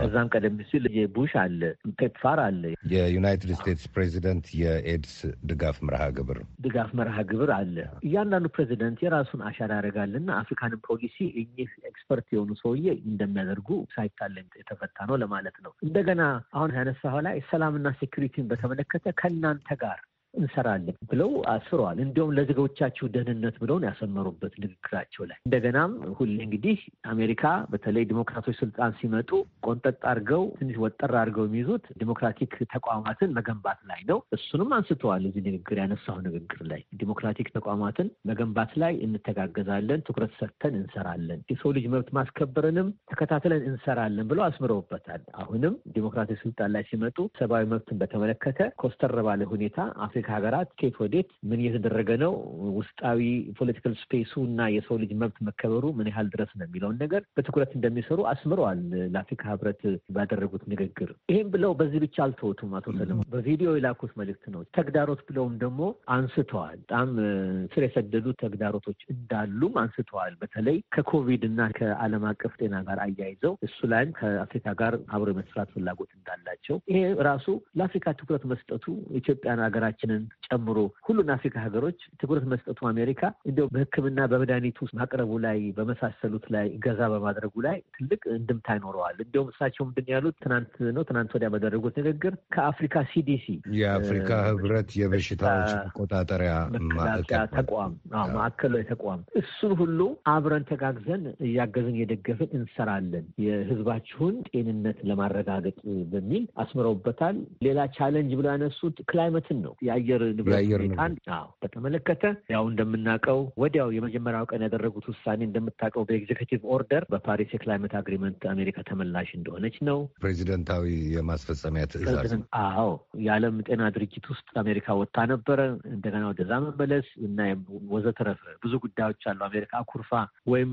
ከዛም ቀደም ሲል የቡሽ አለ፣ ፔፕፋር አለ፣ የዩናይትድ ስቴትስ ፕሬዚደንት የኤድስ ድጋፍ መርሃ ግብር ድጋፍ መርሃ ግብር አለ። እያንዳንዱ ፕሬዚደንት የራሱን አሻራ ያደርጋልና አፍሪካንን ፖሊሲ እኚህ ኤክስፐርት የሆኑ ሰውዬ እንደሚያደርጉ ሳይታለም የተፈታ ነው ለማለት ነው። እንደገና አሁን ያነሳኸው ላይ ሰላምና ሴኩሪቲን በተመለከተ ከእናንተ ጋር እንሰራለን ብለው አስረዋል። እንዲሁም ለዜጎቻችሁ ደህንነት ብለውን ያሰመሩበት ንግግራቸው ላይ እንደገናም ሁሌ እንግዲህ አሜሪካ በተለይ ዲሞክራቶች ስልጣን ሲመጡ ቆንጠጥ አድርገው ትንሽ ወጠር አድርገው የሚይዙት ዲሞክራቲክ ተቋማትን መገንባት ላይ ነው። እሱንም አንስተዋል እዚህ ንግግር ያነሳው ንግግር ላይ ዲሞክራቲክ ተቋማትን መገንባት ላይ እንተጋገዛለን፣ ትኩረት ሰጥተን እንሰራለን፣ የሰው ልጅ መብት ማስከበርንም ተከታትለን እንሰራለን ብለው አስምረውበታል። አሁንም ዲሞክራቲክ ስልጣን ላይ ሲመጡ ሰብአዊ መብትን በተመለከተ ኮስተር ባለ ሁኔታ አፍሪካ አፍሪካ ሀገራት ኬት ወዴት ምን እየተደረገ ነው፣ ውስጣዊ ፖለቲካል ስፔሱ እና የሰው ልጅ መብት መከበሩ ምን ያህል ድረስ ነው የሚለውን ነገር በትኩረት እንደሚሰሩ አስምረዋል ለአፍሪካ ህብረት ባደረጉት ንግግር። ይህም ብለው በዚህ ብቻ አልተወቱም። አቶ ሰለሞን በቪዲዮ የላኩት መልእክት ነው። ተግዳሮት ብለውም ደግሞ አንስተዋል። በጣም ስር የሰደዱ ተግዳሮቶች እንዳሉም አንስተዋል። በተለይ ከኮቪድ እና ከዓለም አቀፍ ጤና ጋር አያይዘው እሱ ላይም ከአፍሪካ ጋር አብሮ የመስራት ፍላጎት እንዳላቸው ይሄ ራሱ ለአፍሪካ ትኩረት መስጠቱ ኢትዮጵያን ሀገራችንን ሱዳንን ጨምሮ ሁሉን አፍሪካ ሀገሮች ትኩረት መስጠቱ አሜሪካ እንዲሁም በሕክምና በመድኃኒቱ ማቅረቡ ላይ በመሳሰሉት ላይ ገዛ በማድረጉ ላይ ትልቅ እንድምታ ይኖረዋል። እንዲሁም እሳቸው ምንድን ያሉት ትናንት ነው ትናንት ወዲያ በደረጉት ንግግር ከአፍሪካ ሲዲሲ የአፍሪካ ህብረት የበሽታዎች መቆጣጠሪያ መከላከያ ተቋም ማዕከላዊ ተቋም እሱን ሁሉ አብረን ተጋግዘን እያገዝን እየደገፍን እንሰራለን የህዝባችሁን ጤንነት ለማረጋገጥ በሚል አስምረውበታል። ሌላ ቻለንጅ ብሎ ያነሱት ክላይመትን ነው። የአየር ንብረት በተመለከተ ያው እንደምናውቀው ወዲያው የመጀመሪያው ቀን ያደረጉት ውሳኔ እንደምታውቀው በኤግዜክቲቭ ኦርደር በፓሪስ የክላይመት አግሪመንት አሜሪካ ተመላሽ እንደሆነች ነው። ፕሬዚደንታዊ የማስፈጸሚያ ትእዛዝ። አዎ የዓለም ጤና ድርጅት ውስጥ አሜሪካ ወጥታ ነበረ። እንደገና ወደዛ መመለስ እና ወዘተረፈ ብዙ ጉዳዮች አሉ። አሜሪካ ኩርፋ ወይም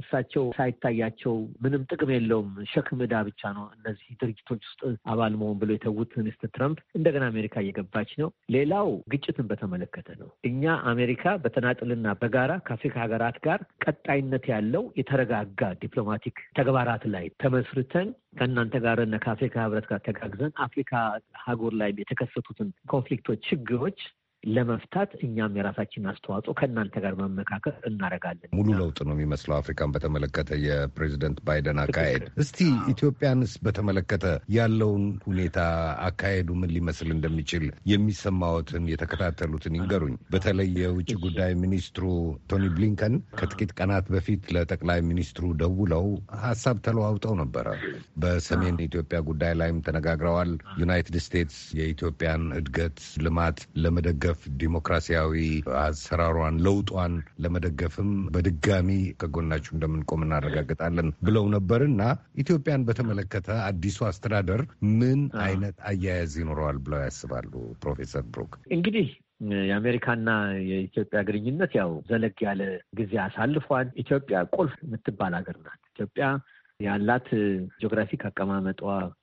እሳቸው ሳይታያቸው ምንም ጥቅም የለውም፣ ሸክም ዕዳ ብቻ ነው እነዚህ ድርጅቶች ውስጥ አባል መሆን ብሎ የተዉት ሚስተር ትራምፕ እንደገና አሜሪካ እየገባች ነው። ሌላው ግጭትን በተመለከተ ነው። እኛ አሜሪካ በተናጥልና በጋራ ከአፍሪካ ሀገራት ጋር ቀጣይነት ያለው የተረጋጋ ዲፕሎማቲክ ተግባራት ላይ ተመስርተን ከእናንተ ጋርና ከአፍሪካ ህብረት ጋር ተጋግዘን አፍሪካ ሀገር ላይ የተከሰቱትን ኮንፍሊክቶች፣ ችግሮች ለመፍታት እኛም የራሳችን አስተዋጽኦ ከእናንተ ጋር መመካከል እናደርጋለን። ሙሉ ለውጥ ነው የሚመስለው አፍሪካን በተመለከተ የፕሬዚደንት ባይደን አካሄድ። እስቲ ኢትዮጵያንስ በተመለከተ ያለውን ሁኔታ አካሄዱ ምን ሊመስል እንደሚችል የሚሰማዎትን የተከታተሉትን ይንገሩኝ። በተለይ የውጭ ጉዳይ ሚኒስትሩ ቶኒ ብሊንከን ከጥቂት ቀናት በፊት ለጠቅላይ ሚኒስትሩ ደውለው ሀሳብ ተለዋውጠው ነበረ። በሰሜን ኢትዮጵያ ጉዳይ ላይም ተነጋግረዋል። ዩናይትድ ስቴትስ የኢትዮጵያን እድገት ልማት ለመደገፍ ለመደገፍ ዲሞክራሲያዊ አሰራሯን ለውጧን ለመደገፍም በድጋሚ ከጎናችሁ እንደምንቆም እናረጋግጣለን ብለው ነበር እና ኢትዮጵያን በተመለከተ አዲሱ አስተዳደር ምን አይነት አያያዝ ይኖረዋል ብለው ያስባሉ ፕሮፌሰር ብሩክ? እንግዲህ የአሜሪካና የኢትዮጵያ ግንኙነት ያው ዘለግ ያለ ጊዜ አሳልፏል። ኢትዮጵያ ቁልፍ የምትባል ሀገር ናት። ኢትዮጵያ ያላት ጂኦግራፊክ አቀማመጧ፣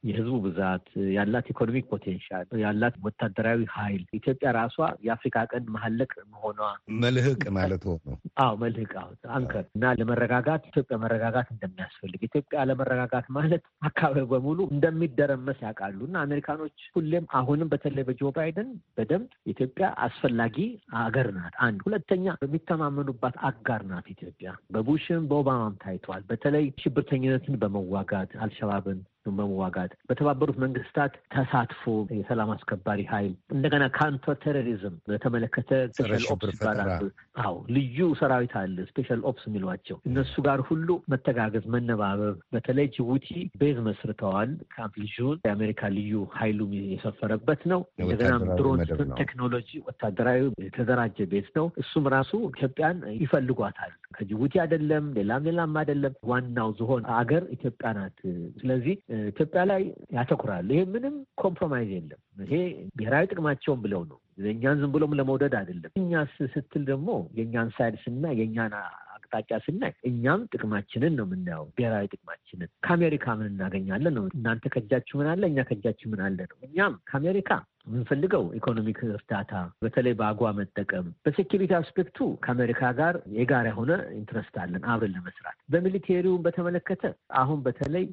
የህዝቡ ብዛት፣ ያላት ኢኮኖሚክ ፖቴንሻል፣ ያላት ወታደራዊ ኃይል ኢትዮጵያ ራሷ የአፍሪካ ቀንድ መሀለቅ መሆኗ መልህቅ ማለት ነው። አዎ መልህቅ አንከር እና ለመረጋጋት ኢትዮጵያ መረጋጋት እንደሚያስፈልግ ኢትዮጵያ ለመረጋጋት ማለት አካባቢ በሙሉ እንደሚደረመስ ያውቃሉ እና አሜሪካኖች ሁሌም አሁንም በተለይ በጆ ባይደን በደንብ ኢትዮጵያ አስፈላጊ አገር ናት። አንድ ሁለተኛ በሚተማመኑባት አጋር ናት ኢትዮጵያ። በቡሽም በኦባማም ታይቷል። በተለይ ሽብርተኝነት ሽብርተኝነትን በመዋጋት አልሸባብን በመዋጋት በተባበሩት መንግስታት ተሳትፎ የሰላም አስከባሪ ኃይል እንደገና ካንተር ቴሮሪዝም በተመለከተ ስፔሻል ኦፕስ ይባላሉ። አዎ ልዩ ሰራዊት አለ ስፔሻል ኦፕስ የሚሏቸው እነሱ ጋር ሁሉ መተጋገዝ፣ መነባበብ በተለይ ጅቡቲ ቤዝ መስርተዋል። ካምፕ ልጁን የአሜሪካ ልዩ ኃይሉ የሰፈረበት ነው። እንደገና ድሮን ቴክኖሎጂ ወታደራዊ የተደራጀ ቤት ነው። እሱም ራሱ ኢትዮጵያን ይፈልጓታል። ከጅቡቲ አይደለም ሌላም ሌላም አይደለም ዋናው ዝሆን አገር ኢትዮጵያ ናት። ስለዚህ ኢትዮጵያ ላይ ያተኩራል። ይሄ ምንም ኮምፕሮማይዝ የለም። ይሄ ብሔራዊ ጥቅማቸውን ብለው ነው። የእኛን ዝም ብሎም ለመውደድ አይደለም። እኛ ስትል ደግሞ የእኛን ሳይድ ስናይ፣ የእኛን አቅጣጫ ስናይ እኛም ጥቅማችንን ነው የምናየው። ብሔራዊ ጥቅማችንን ከአሜሪካ ምን እናገኛለን ነው። እናንተ ከእጃችሁ ምን አለ፣ እኛ ከጃችሁ ምን አለ ነው። እኛም ከአሜሪካ የምንፈልገው ኢኮኖሚክ እርዳታ በተለይ በአጓ መጠቀም። በሴኪሪቲ አስፔክቱ ከአሜሪካ ጋር የጋራ የሆነ ኢንትረስት አለን አብረን ለመስራት። በሚሊቴሪውን በተመለከተ አሁን በተለይ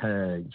ከጆ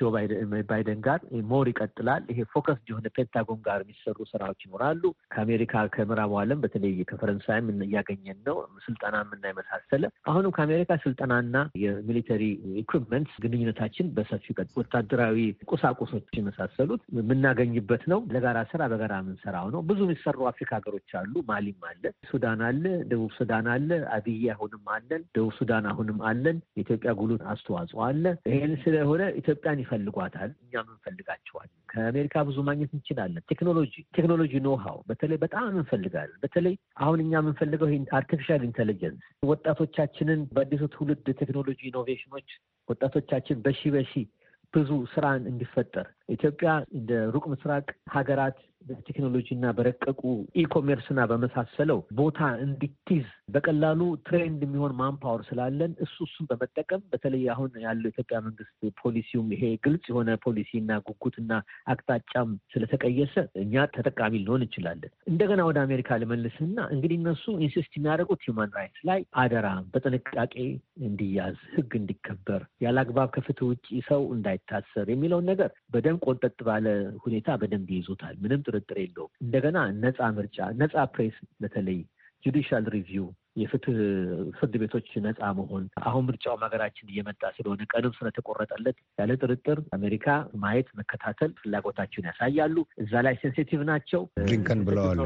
ባይደን ጋር ሞር ይቀጥላል። ይሄ ፎከስ የሆነ ፔንታጎን ጋር የሚሰሩ ስራዎች ይኖራሉ። ከአሜሪካ ከመራቡ ዓለም በተለይ ከፈረንሳይም እያገኘን ነው ስልጠና የምና የመሳሰለ አሁንም ከአሜሪካ ስልጠናና የሚሊተሪ ኢኩፕመንት ግንኙነታችን በሰፊ ወታደራዊ ቁሳቁሶች የመሳሰሉት የምናገኝበት ነው ለጋራ የጋራ ስራ በጋራ የምንሰራው ነው። ብዙ የሚሰሩ አፍሪካ ሀገሮች አሉ። ማሊም አለ፣ ሱዳን አለ፣ ደቡብ ሱዳን አለ፣ አብዬ አሁንም አለን፣ ደቡብ ሱዳን አሁንም አለን። የኢትዮጵያ ጉሉን አስተዋጽኦ አለ። ይህን ስለሆነ ኢትዮጵያን ይፈልጓታል፣ እኛም እንፈልጋቸዋል። ከአሜሪካ ብዙ ማግኘት እንችላለን። ቴክኖሎጂ ቴክኖሎጂ ኖውሃው በተለይ በጣም እንፈልጋለን። በተለይ አሁን እኛ የምንፈልገው አርቲፊሻል ኢንቴሊጀንስ ወጣቶቻችንን በአዲሱ ትውልድ ቴክኖሎጂ ኢኖቬሽኖች ወጣቶቻችን በሺ በሺ ብዙ ስራን እንዲፈጠር ኢትዮጵያ እንደ ሩቅ ምስራቅ ሀገራት በቴክኖሎጂና በረቀቁ ኢኮሜርስና በመሳሰለው ቦታ እንዲትይዝ በቀላሉ ትሬንድ የሚሆን ማንፓወር ስላለን እሱ እሱን በመጠቀም በተለይ አሁን ያለው ኢትዮጵያ መንግስት ፖሊሲውም ይሄ ግልጽ የሆነ ጉጉት ጉጉትና አቅጣጫም ስለተቀየሰ እኛ ተጠቃሚ ልንሆን እንችላለን። እንደገና ወደ አሜሪካ ልመልስና እንግዲህ እነሱ ኢንሲስት የሚያደርጉት ሂውማን ራይትስ ላይ አደራ በጥንቃቄ እንዲያዝ፣ ህግ እንዲከበር፣ ያለ አግባብ ከፍትህ ውጭ ሰው እንዳይታሰር የሚለውን ነገር በደንብ ቆንጠጥ ባለ ሁኔታ በደንብ ይይዙታል ምንም ጥርጥር የለውም። እንደገና ነፃ ምርጫ፣ ነፃ ፕሬስ፣ በተለይ ጁዲሻል ሪቪው የፍትህ ፍርድ ቤቶች ነፃ መሆን አሁን ምርጫውም ሀገራችን እየመጣ ስለሆነ ቀንም ስለተቆረጠለት ያለ ጥርጥር አሜሪካ ማየት መከታተል ፍላጎታቸውን ያሳያሉ። እዛ ላይ ሴንሲቲቭ ናቸው። ብሊንከን ብለዋል።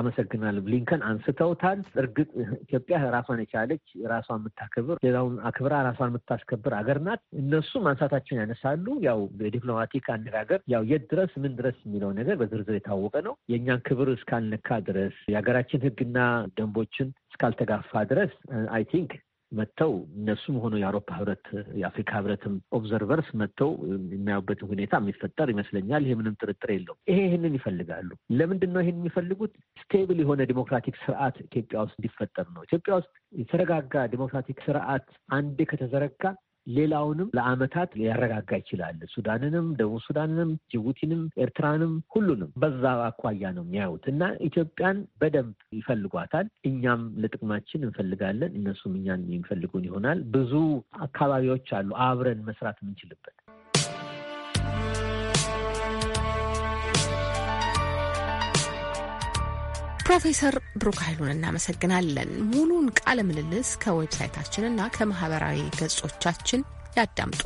አመሰግናል። ብሊንከን አንስተውታል። እርግጥ ኢትዮጵያ ራሷን የቻለች ራሷን የምታከብር ሌላውን አክብራ ራሷን የምታስከብር አገር ናት። እነሱ ማንሳታቸውን ያነሳሉ። ያው በዲፕሎማቲክ አነጋገር ያው የት ድረስ ምን ድረስ የሚለው ነገር በዝርዝር የታወቀ ነው። የእኛን ክብር እስካልነካ ድረስ የሀገራችን ህግና ደንቦችን እስካልተ እስከተጋፋ ድረስ አይ ቲንክ መጥተው እነሱም ሆኑ የአውሮፓ ህብረት የአፍሪካ ህብረትም ኦብዘርቨርስ መጥተው የሚያዩበትን ሁኔታ የሚፈጠር ይመስለኛል። ይሄ ምንም ጥርጥር የለውም። ይሄ ይህንን ይፈልጋሉ። ለምንድን ነው ይህን የሚፈልጉት? ስቴብል የሆነ ዲሞክራቲክ ስርዓት ኢትዮጵያ ውስጥ እንዲፈጠር ነው። ኢትዮጵያ ውስጥ የተረጋጋ ዲሞክራቲክ ስርዓት አንዴ ከተዘረጋ ሌላውንም ለአመታት ሊያረጋጋ ይችላል። ሱዳንንም፣ ደቡብ ሱዳንንም፣ ጅቡቲንም፣ ኤርትራንም ሁሉንም በዛ አኳያ ነው የሚያዩት እና ኢትዮጵያን በደንብ ይፈልጓታል። እኛም ለጥቅማችን እንፈልጋለን፣ እነሱም እኛን የሚፈልጉን ይሆናል። ብዙ አካባቢዎች አሉ አብረን መስራት የምንችልበት ፕሮፌሰር ብሩክ ኃይሉን እናመሰግናለን። ሙሉን ቃለ ምልልስ ከዌብሳይታችንና ከማህበራዊ ገጾቻችን ያዳምጡ።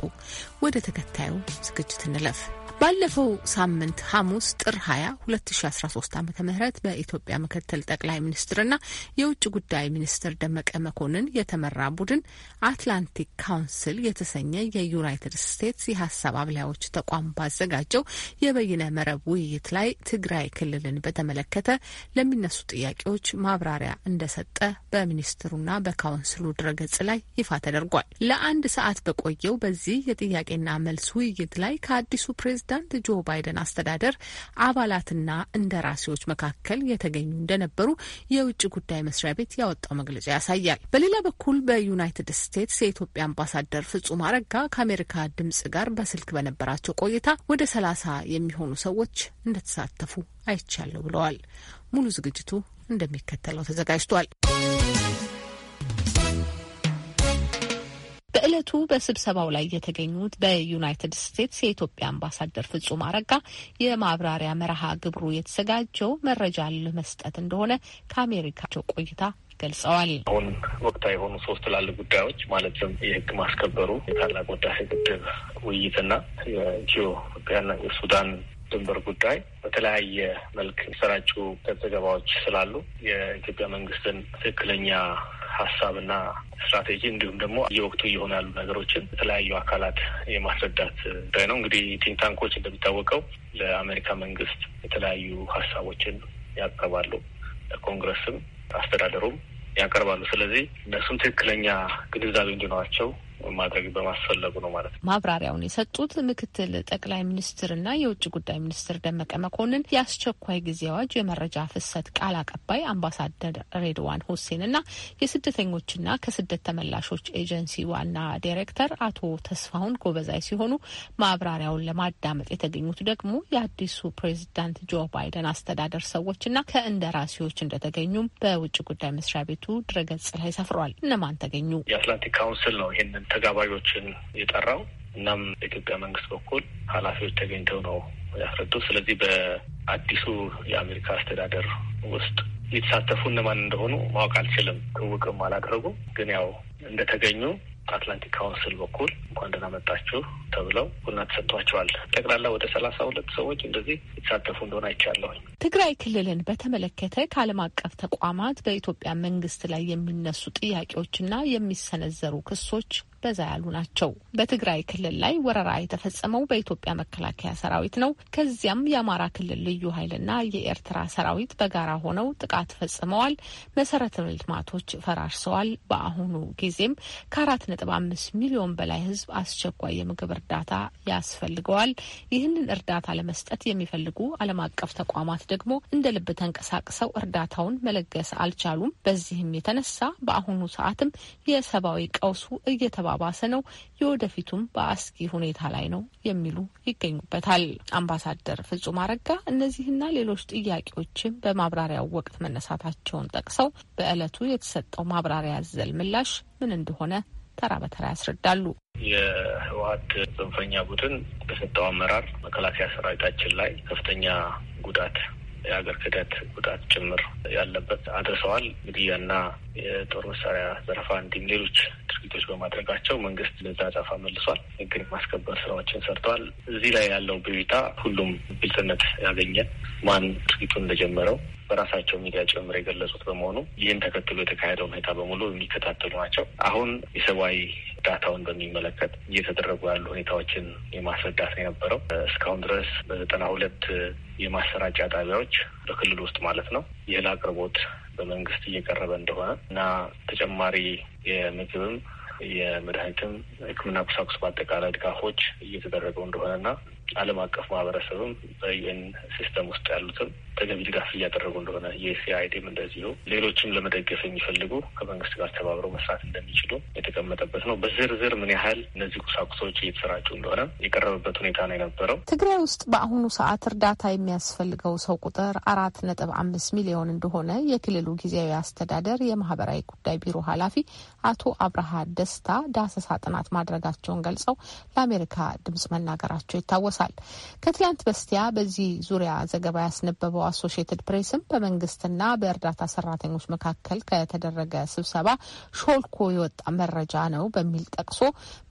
ወደ ተከታዩ ዝግጅት እንለፍ። ባለፈው ሳምንት ሐሙስ ጥር 20 2013 ዓ ም በኢትዮጵያ ምክትል ጠቅላይ ሚኒስትርና የውጭ ጉዳይ ሚኒስትር ደመቀ መኮንን የተመራ ቡድን አትላንቲክ ካውንስል የተሰኘ የዩናይትድ ስቴትስ የሀሳብ አብላዮች ተቋም ባዘጋጀው የበይነ መረብ ውይይት ላይ ትግራይ ክልልን በተመለከተ ለሚነሱ ጥያቄዎች ማብራሪያ እንደሰጠ በሚኒስትሩና በካውንስሉ ድረገጽ ላይ ይፋ ተደርጓል። ለአንድ ሰዓት በቆየው በዚህ የጥያቄና መልስ ውይይት ላይ ከአዲሱ ፕሬዝዳንት ፕሬዚዳንት ጆ ባይደን አስተዳደር አባላትና እንደራሴዎች መካከል የተገኙ እንደነበሩ የውጭ ጉዳይ መስሪያ ቤት ያወጣው መግለጫ ያሳያል። በሌላ በኩል በዩናይትድ ስቴትስ የኢትዮጵያ አምባሳደር ፍጹም አረጋ ከአሜሪካ ድምጽ ጋር በስልክ በነበራቸው ቆይታ ወደ ሰላሳ የሚሆኑ ሰዎች እንደተሳተፉ አይቻለሁ ብለዋል። ሙሉ ዝግጅቱ እንደሚከተለው ተዘጋጅቷል። በዕለቱ በስብሰባው ላይ የተገኙት በዩናይትድ ስቴትስ የኢትዮጵያ አምባሳደር ፍጹም አረጋ የማብራሪያ መርሃ ግብሩ የተዘጋጀው መረጃ ለመስጠት እንደሆነ ከአሜሪካቸው ቆይታ ገልጸዋል። አሁን ወቅታዊ የሆኑ ሶስት ላሉ ጉዳዮች ማለትም የህግ ማስከበሩ፣ የታላቁ ህዳሴ ግድብ ውይይትና የኢትዮጵያና የሱዳን ድንበር ጉዳይ በተለያየ መልክ የሰራጩ ዘገባዎች ስላሉ የኢትዮጵያ መንግስትን ትክክለኛ ሀሳብና ስትራቴጂ እንዲሁም ደግሞ የወቅቱ እየሆኑ ያሉ ነገሮችን የተለያዩ አካላት የማስረዳት ጉዳይ ነው። እንግዲህ ቲንክ ታንኮች እንደሚታወቀው ለአሜሪካ መንግስት የተለያዩ ሀሳቦችን ያቀርባሉ። ለኮንግረስም አስተዳደሩም ያቀርባሉ። ስለዚህ እነሱም ትክክለኛ ግንዛቤ እንዲኖራቸው ማድረግ በማስፈለጉ ነው ማለት ነው። ማብራሪያውን የሰጡት ምክትል ጠቅላይ ሚኒስትር እና የውጭ ጉዳይ ሚኒስትር ደመቀ መኮንን፣ የአስቸኳይ ጊዜ አዋጅ የመረጃ ፍሰት ቃል አቀባይ አምባሳደር ሬድዋን ሁሴንና የስደተኞችና ከስደት ተመላሾች ኤጀንሲ ዋና ዳይሬክተር አቶ ተስፋሁን ጎበዛይ ሲሆኑ ማብራሪያውን ለማዳመጥ የተገኙት ደግሞ የአዲሱ ፕሬዚዳንት ጆ ባይደን አስተዳደር ሰዎችና ከእንደራሴዎች እንደተገኙም በውጭ ጉዳይ መስሪያ ቤቱ ድረገጽ ላይ ሰፍሯል። እነማን ተገኙ? የአትላንቲክ ካውንስል ነው ይህንን ተጋባዦችን የጠራው። እናም በኢትዮጵያ መንግስት በኩል ኃላፊዎች ተገኝተው ነው ያስረዱት። ስለዚህ በአዲሱ የአሜሪካ አስተዳደር ውስጥ የተሳተፉ እነማን እንደሆኑ ማወቅ አልችልም። ትውቅም አላደረጉም። ግን ያው እንደተገኙ አትላንቲክ ካውንስል በኩል እንኳን ደህና መጣችሁ ተብለው ቡና ተሰጥቷቸዋል። ጠቅላላ ወደ ሰላሳ ሁለት ሰዎች እንደዚህ የተሳተፉ እንደሆነ አይቻለሁ። ትግራይ ክልልን በተመለከተ ከዓለም አቀፍ ተቋማት በኢትዮጵያ መንግስት ላይ የሚነሱ ጥያቄዎችና የሚሰነዘሩ ክሶች በዛ ያሉ ናቸው። በትግራይ ክልል ላይ ወረራ የተፈጸመው በኢትዮጵያ መከላከያ ሰራዊት ነው። ከዚያም የአማራ ክልል ልዩ ኃይልና የኤርትራ ሰራዊት በጋራ ሆነው ጥቃት ፈጽመዋል። መሰረተ ልማቶች ፈራርሰዋል። በአሁኑ ጊዜም ከአራት ነጥብ አምስት ሚሊዮን በላይ ህዝብ አስቸኳይ የምግብ እርዳታ ያስፈልገዋል። ይህንን እርዳታ ለመስጠት የሚፈልጉ ዓለም አቀፍ ተቋማት ደግሞ እንደ ልብ ተንቀሳቅሰው እርዳታውን መለገስ አልቻሉም። በዚህም የተነሳ በአሁኑ ሰዓትም የሰብአዊ ቀውሱ እየተባ እየተባባሰ ነው፣ የወደፊቱም በአስጊ ሁኔታ ላይ ነው የሚሉ ይገኙበታል። አምባሳደር ፍጹም አረጋ እነዚህና ሌሎች ጥያቄዎችን በማብራሪያው ወቅት መነሳታቸውን ጠቅሰው በዕለቱ የተሰጠው ማብራሪያ ዘል ምላሽ ምን እንደሆነ ተራ በተራ ያስረዳሉ። የህወሀት ጽንፈኛ ቡድን በሰጠው አመራር መከላከያ ሰራዊታችን ላይ ከፍተኛ ጉዳት የሀገር ክህደት ጉዳት ጭምር ያለበት አድርሰዋል። ግድያና የጦር መሳሪያ ዘረፋ፣ እንዲሁም ሌሎች ድርጊቶች በማድረጋቸው መንግስት ለዛ ጫፋ መልሷል። ህግን ማስከበር ስራዎችን ሰርተዋል። እዚህ ላይ ያለው ብቢታ ሁሉም ግልጽነት ያገኘ ማን ድርጊቱን እንደጀመረው በራሳቸው ሚዲያ ጭምር የገለጹት በመሆኑ ይህን ተከትሎ የተካሄደው ሁኔታ በሙሉ የሚከታተሉ ናቸው። አሁን የሰብአዊ እርዳታውን በሚመለከት እየተደረጉ ያሉ ሁኔታዎችን የማስረዳት ነው የነበረው። እስካሁን ድረስ በዘጠና ሁለት የማሰራጫ ጣቢያዎች በክልል ውስጥ ማለት ነው የእህል አቅርቦት በመንግስት እየቀረበ እንደሆነ እና ተጨማሪ የምግብም የመድኃኒትም ሕክምና ቁሳቁስ በአጠቃላይ ድጋፎች እየተደረገው እንደሆነና ዓለም አቀፍ ማህበረሰብም በዩኤን ሲስተም ውስጥ ያሉትም ተገቢ ድጋፍ እያደረጉ እንደሆነ የሲአይዲም እንደዚሁ ሌሎችም ለመደገፍ የሚፈልጉ ከመንግስት ጋር ተባብረው መስራት እንደሚችሉ የተቀመጠበት ነው። በዝርዝር ምን ያህል እነዚህ ቁሳቁሶች እየተሰራጩ እንደሆነ የቀረበበት ሁኔታ ነው የነበረው። ትግራይ ውስጥ በአሁኑ ሰዓት እርዳታ የሚያስፈልገው ሰው ቁጥር አራት ነጥብ አምስት ሚሊዮን እንደሆነ የክልሉ ጊዜያዊ አስተዳደር የማህበራዊ ጉዳይ ቢሮ ኃላፊ አቶ አብርሃ ደስታ ዳሰሳ ጥናት ማድረጋቸውን ገልጸው ለአሜሪካ ድምጽ መናገራቸው ይታወሳል። ይጠቅሳል። ከትላንት በስቲያ በዚህ ዙሪያ ዘገባ ያስነበበው አሶሽየትድ ፕሬስም በመንግስትና በእርዳታ ሰራተኞች መካከል ከተደረገ ስብሰባ ሾልኮ የወጣ መረጃ ነው በሚል ጠቅሶ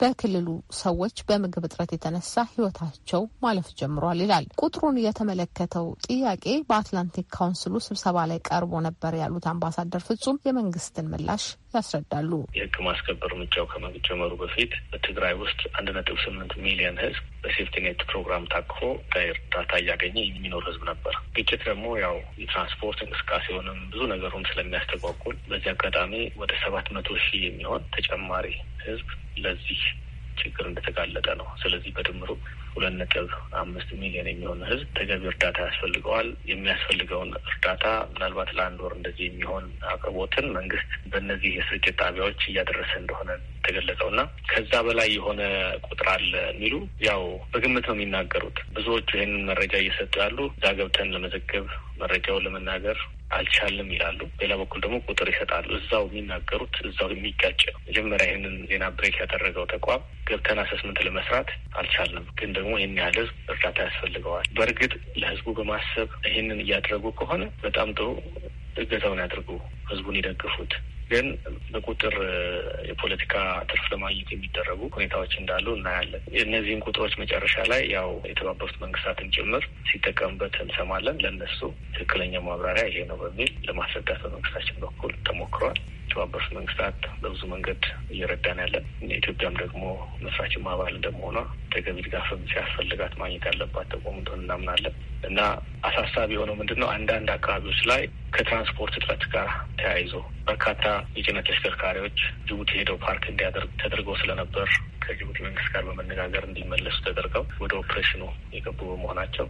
በክልሉ ሰዎች በምግብ እጥረት የተነሳ ህይወታቸው ማለፍ ጀምሯል ይላል። ቁጥሩን የተመለከተው ጥያቄ በአትላንቲክ ካውንስሉ ስብሰባ ላይ ቀርቦ ነበር ያሉት አምባሳደር ፍጹም የመንግስትን ምላሽ ያስረዳሉ። የህግ ማስከበር እርምጃው ከመጀመሩ በፊት በትግራይ ውስጥ አንድ ነጥብ ስምንት ሚሊዮን ህዝብ በሴፍቲኔት ፕሮግራም ታቅፎ እርዳታ እያገኘ የሚኖር ህዝብ ነበር። ግጭት ደግሞ ያው የትራንስፖርት እንቅስቃሴውንም ብዙ ነገሩን ስለሚያስተጓጉል በዚህ አጋጣሚ ወደ ሰባት መቶ ሺህ የሚሆን ተጨማሪ ህዝብ ለዚህ ችግር እንደተጋለጠ ነው። ስለዚህ በድምሩ ሁለት ነጥብ አምስት ሚሊዮን የሚሆን ህዝብ ተገቢ እርዳታ ያስፈልገዋል። የሚያስፈልገውን እርዳታ ምናልባት ለአንድ ወር እንደዚህ የሚሆን አቅርቦትን መንግስት በእነዚህ የስርጭት ጣቢያዎች እያደረሰ እንደሆነ ተገለጸው እና ከዛ በላይ የሆነ ቁጥር አለ የሚሉ ያው በግምት ነው የሚናገሩት። ብዙዎቹ ይህንን መረጃ እየሰጡ ያሉ እዛ ገብተን ለመዘገብ መረጃውን ለመናገር አልቻልም ይላሉ። ሌላ በኩል ደግሞ ቁጥር ይሰጣሉ። እዛው የሚናገሩት እዛው የሚጋጭ ነው። መጀመሪያ ይህንን ዜና ብሬክ ያደረገው ተቋም ገብተን አሰስመንት ለመስራት አልቻልም፣ ግን ደግሞ ይህን ያህል ህዝብ እርዳታ ያስፈልገዋል። በእርግጥ ለህዝቡ በማሰብ ይህንን እያደረጉ ከሆነ በጣም ጥሩ እገዛውን ያድርጉ፣ ህዝቡን ይደግፉት። ግን በቁጥር የፖለቲካ ትርፍ ለማግኘት የሚደረጉ ሁኔታዎች እንዳሉ እናያለን። እነዚህን ቁጥሮች መጨረሻ ላይ ያው የተባበሩት መንግስታትን ጭምር ሲጠቀምበት እንሰማለን። ለእነሱ ትክክለኛ ማብራሪያ ይሄ ነው በሚል ለማስረዳት በመንግስታችን በኩል ተሞክሯል። የተባበሩት መንግስታት በብዙ መንገድ እየረዳን ያለን ኢትዮጵያም ደግሞ መስራችም አባል እንደመሆኗ ተገቢ ድጋፍም ሲያስፈልጋት ማግኘት ያለባት ተቆም እንደሆነ እናምናለን እና አሳሳቢ የሆነው ምንድን ነው አንዳንድ አካባቢዎች ላይ ከትራንስፖርት እጥረት ጋር ተያይዞ በርካታ የጭነት ተሽከርካሪዎች ጅቡቲ ሄደው ፓርክ እንዲያደርግ ተደርገው ስለነበር ከጅቡቲ መንግስት ጋር በመነጋገር እንዲመለሱ ተደርገው ወደ ኦፕሬሽኑ የገቡ በመሆናቸው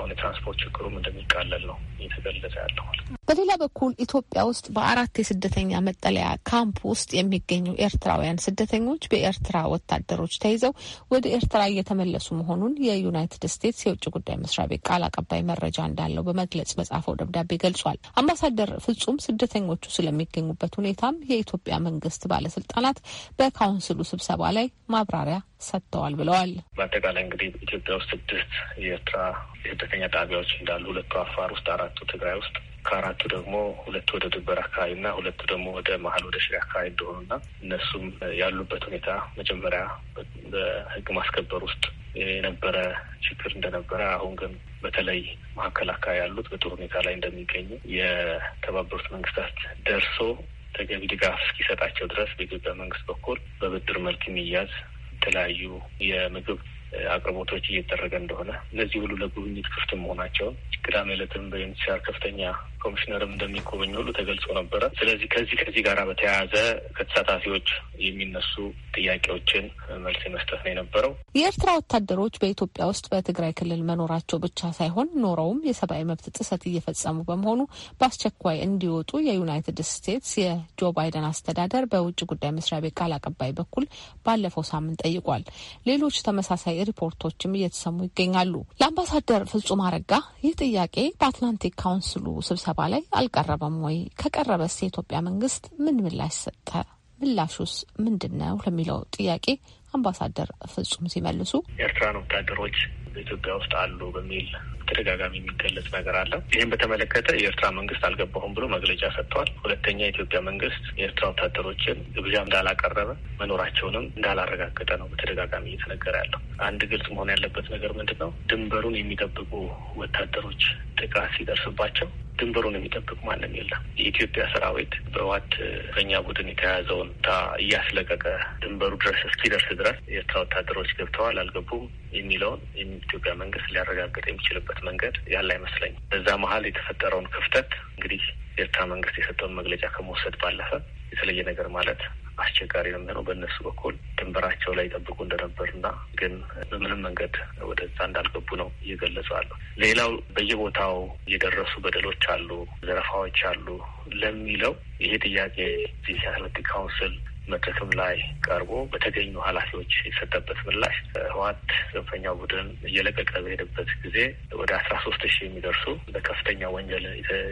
አሁን የትራንስፖርት ችግሩም እንደሚቃለል ነው እየተገለጸ ያለው። በሌላ በኩል ኢትዮጵያ ውስጥ በአራት የስደተኛ መጠለያ ካምፕ ውስጥ የሚገኙ ኤርትራውያን ስደተኞች በኤርትራ ወታደሮች ተይዘው ወደ ኤርትራ እየተመለሱ መሆኑን የዩናይትድ ስቴትስ የውጭ ጉዳይ መስሪያ ቤት ቃል አቀባይ መረጃ እንዳለው በመግለጽ በጻፈው ደብዳቤ ገልጿል። አምባሳደር ፍጹም ስደተኞቹ ስለሚገኙበት ሁኔታም የኢትዮጵያ መንግስት ባለስልጣናት በካውንስሉ ስብሰባ ላይ ማብራሪያ ሰጥተዋል ብለዋል። በአጠቃላይ እንግዲህ ኢትዮጵያ ውስጥ ስድስት የኤርትራ የስደተኛ ጣቢያዎች እንዳሉ ሁለቱ አፋር ውስጥ፣ አራቱ ትግራይ ውስጥ ከአራቱ ደግሞ ሁለቱ ወደ ድንበር አካባቢ እና ሁለቱ ደግሞ ወደ መሀል ወደ ሽሬ አካባቢ እንደሆኑ እና እነሱም ያሉበት ሁኔታ መጀመሪያ በህግ ማስከበር ውስጥ የነበረ ችግር እንደነበረ አሁን ግን በተለይ መካከል አካባቢ ያሉት በጥሩ ሁኔታ ላይ እንደሚገኙ የተባበሩት መንግስታት ደርሶ ተገቢ ድጋፍ እስኪሰጣቸው ድረስ በኢትዮጵያ መንግስት በኩል በብድር መልክ የሚያዝ የተለያዩ የምግብ አቅርቦቶች እየተደረገ እንደሆነ እነዚህ ሁሉ ለጉብኝት ክፍት መሆናቸውን ቅዳሜ ዕለትም በዩኒስር ከፍተኛ ኮሚሽነርም እንደሚጎበኙ ሁሉ ተገልጾ ነበረ። ስለዚህ ከዚህ ከዚህ ጋር በተያያዘ ከተሳታፊዎች የሚነሱ ጥያቄዎችን መልስ መስጠት ነው የነበረው። የኤርትራ ወታደሮች በኢትዮጵያ ውስጥ በትግራይ ክልል መኖራቸው ብቻ ሳይሆን ኖረውም የሰብአዊ መብት ጥሰት እየፈጸሙ በመሆኑ በአስቸኳይ እንዲወጡ የዩናይትድ ስቴትስ የጆ ባይደን አስተዳደር በውጭ ጉዳይ መስሪያ ቤት ቃል አቀባይ በኩል ባለፈው ሳምንት ጠይቋል። ሌሎች ተመሳሳይ ሪፖርቶችም እየተሰሙ ይገኛሉ። ለአምባሳደር ፍጹም አረጋ ይህ ጥያቄ በአትላንቲክ ካውንስሉ ስብሰ ስብሰባ ላይ አልቀረበም ወይ? ከቀረበስ የኢትዮጵያ መንግስት ምን ምላሽ ሰጠ? ምላሹስ ምንድን ነው ለሚለው ጥያቄ አምባሳደር ፍጹም ሲመልሱ የኤርትራን ወታደሮች በኢትዮጵያ ውስጥ አሉ በሚል ተደጋጋሚ የሚገለጽ ነገር አለ። ይህም በተመለከተ የኤርትራ መንግስት አልገባሁም ብሎ መግለጫ ሰጥተዋል። ሁለተኛ የኢትዮጵያ መንግስት የኤርትራ ወታደሮችን ግብዣ እንዳላቀረበ መኖራቸውንም እንዳላረጋገጠ ነው በተደጋጋሚ እየተነገረ ያለው። አንድ ግልጽ መሆን ያለበት ነገር ምንድን ነው? ድንበሩን የሚጠብቁ ወታደሮች ጥቃት ሲደርስባቸው ድንበሩን የሚጠብቅ ማንም የለም። የኢትዮጵያ ሰራዊት በዋት በኛ ቡድን የተያያዘውን እያስለቀቀ ድንበሩ ድረስ እስኪደርስ ድረስ የኤርትራ ወታደሮች ገብተዋል አልገቡም የሚለውን የኢትዮጵያ መንግስት ሊያረጋግጥ የሚችልበት መንገድ ያለ አይመስለኝም። በዛ መሀል የተፈጠረውን ክፍተት እንግዲህ ኤርትራ መንግስት የሰጠውን መግለጫ ከመውሰድ ባለፈ የተለየ ነገር ማለት አስቸጋሪ ነው የሚሆነው። በእነሱ በኩል ድንበራቸው ላይ ጠብቁ እንደነበርና ግን በምንም መንገድ ወደዛ እንዳልገቡ ነው እየገለጹ አሉ። ሌላው በየቦታው የደረሱ በደሎች አሉ፣ ዘረፋዎች አሉ ለሚለው ይሄ ጥያቄ የዚህ የአትላንቲክ ካውንስል መድረክም ላይ ቀርቦ በተገኙ ኃላፊዎች የሰጠበት ምላሽ ህወሓት ጽንፈኛው ቡድን እየለቀቀ በሄደበት ጊዜ ወደ አስራ ሶስት ሺህ የሚደርሱ በከፍተኛ ወንጀል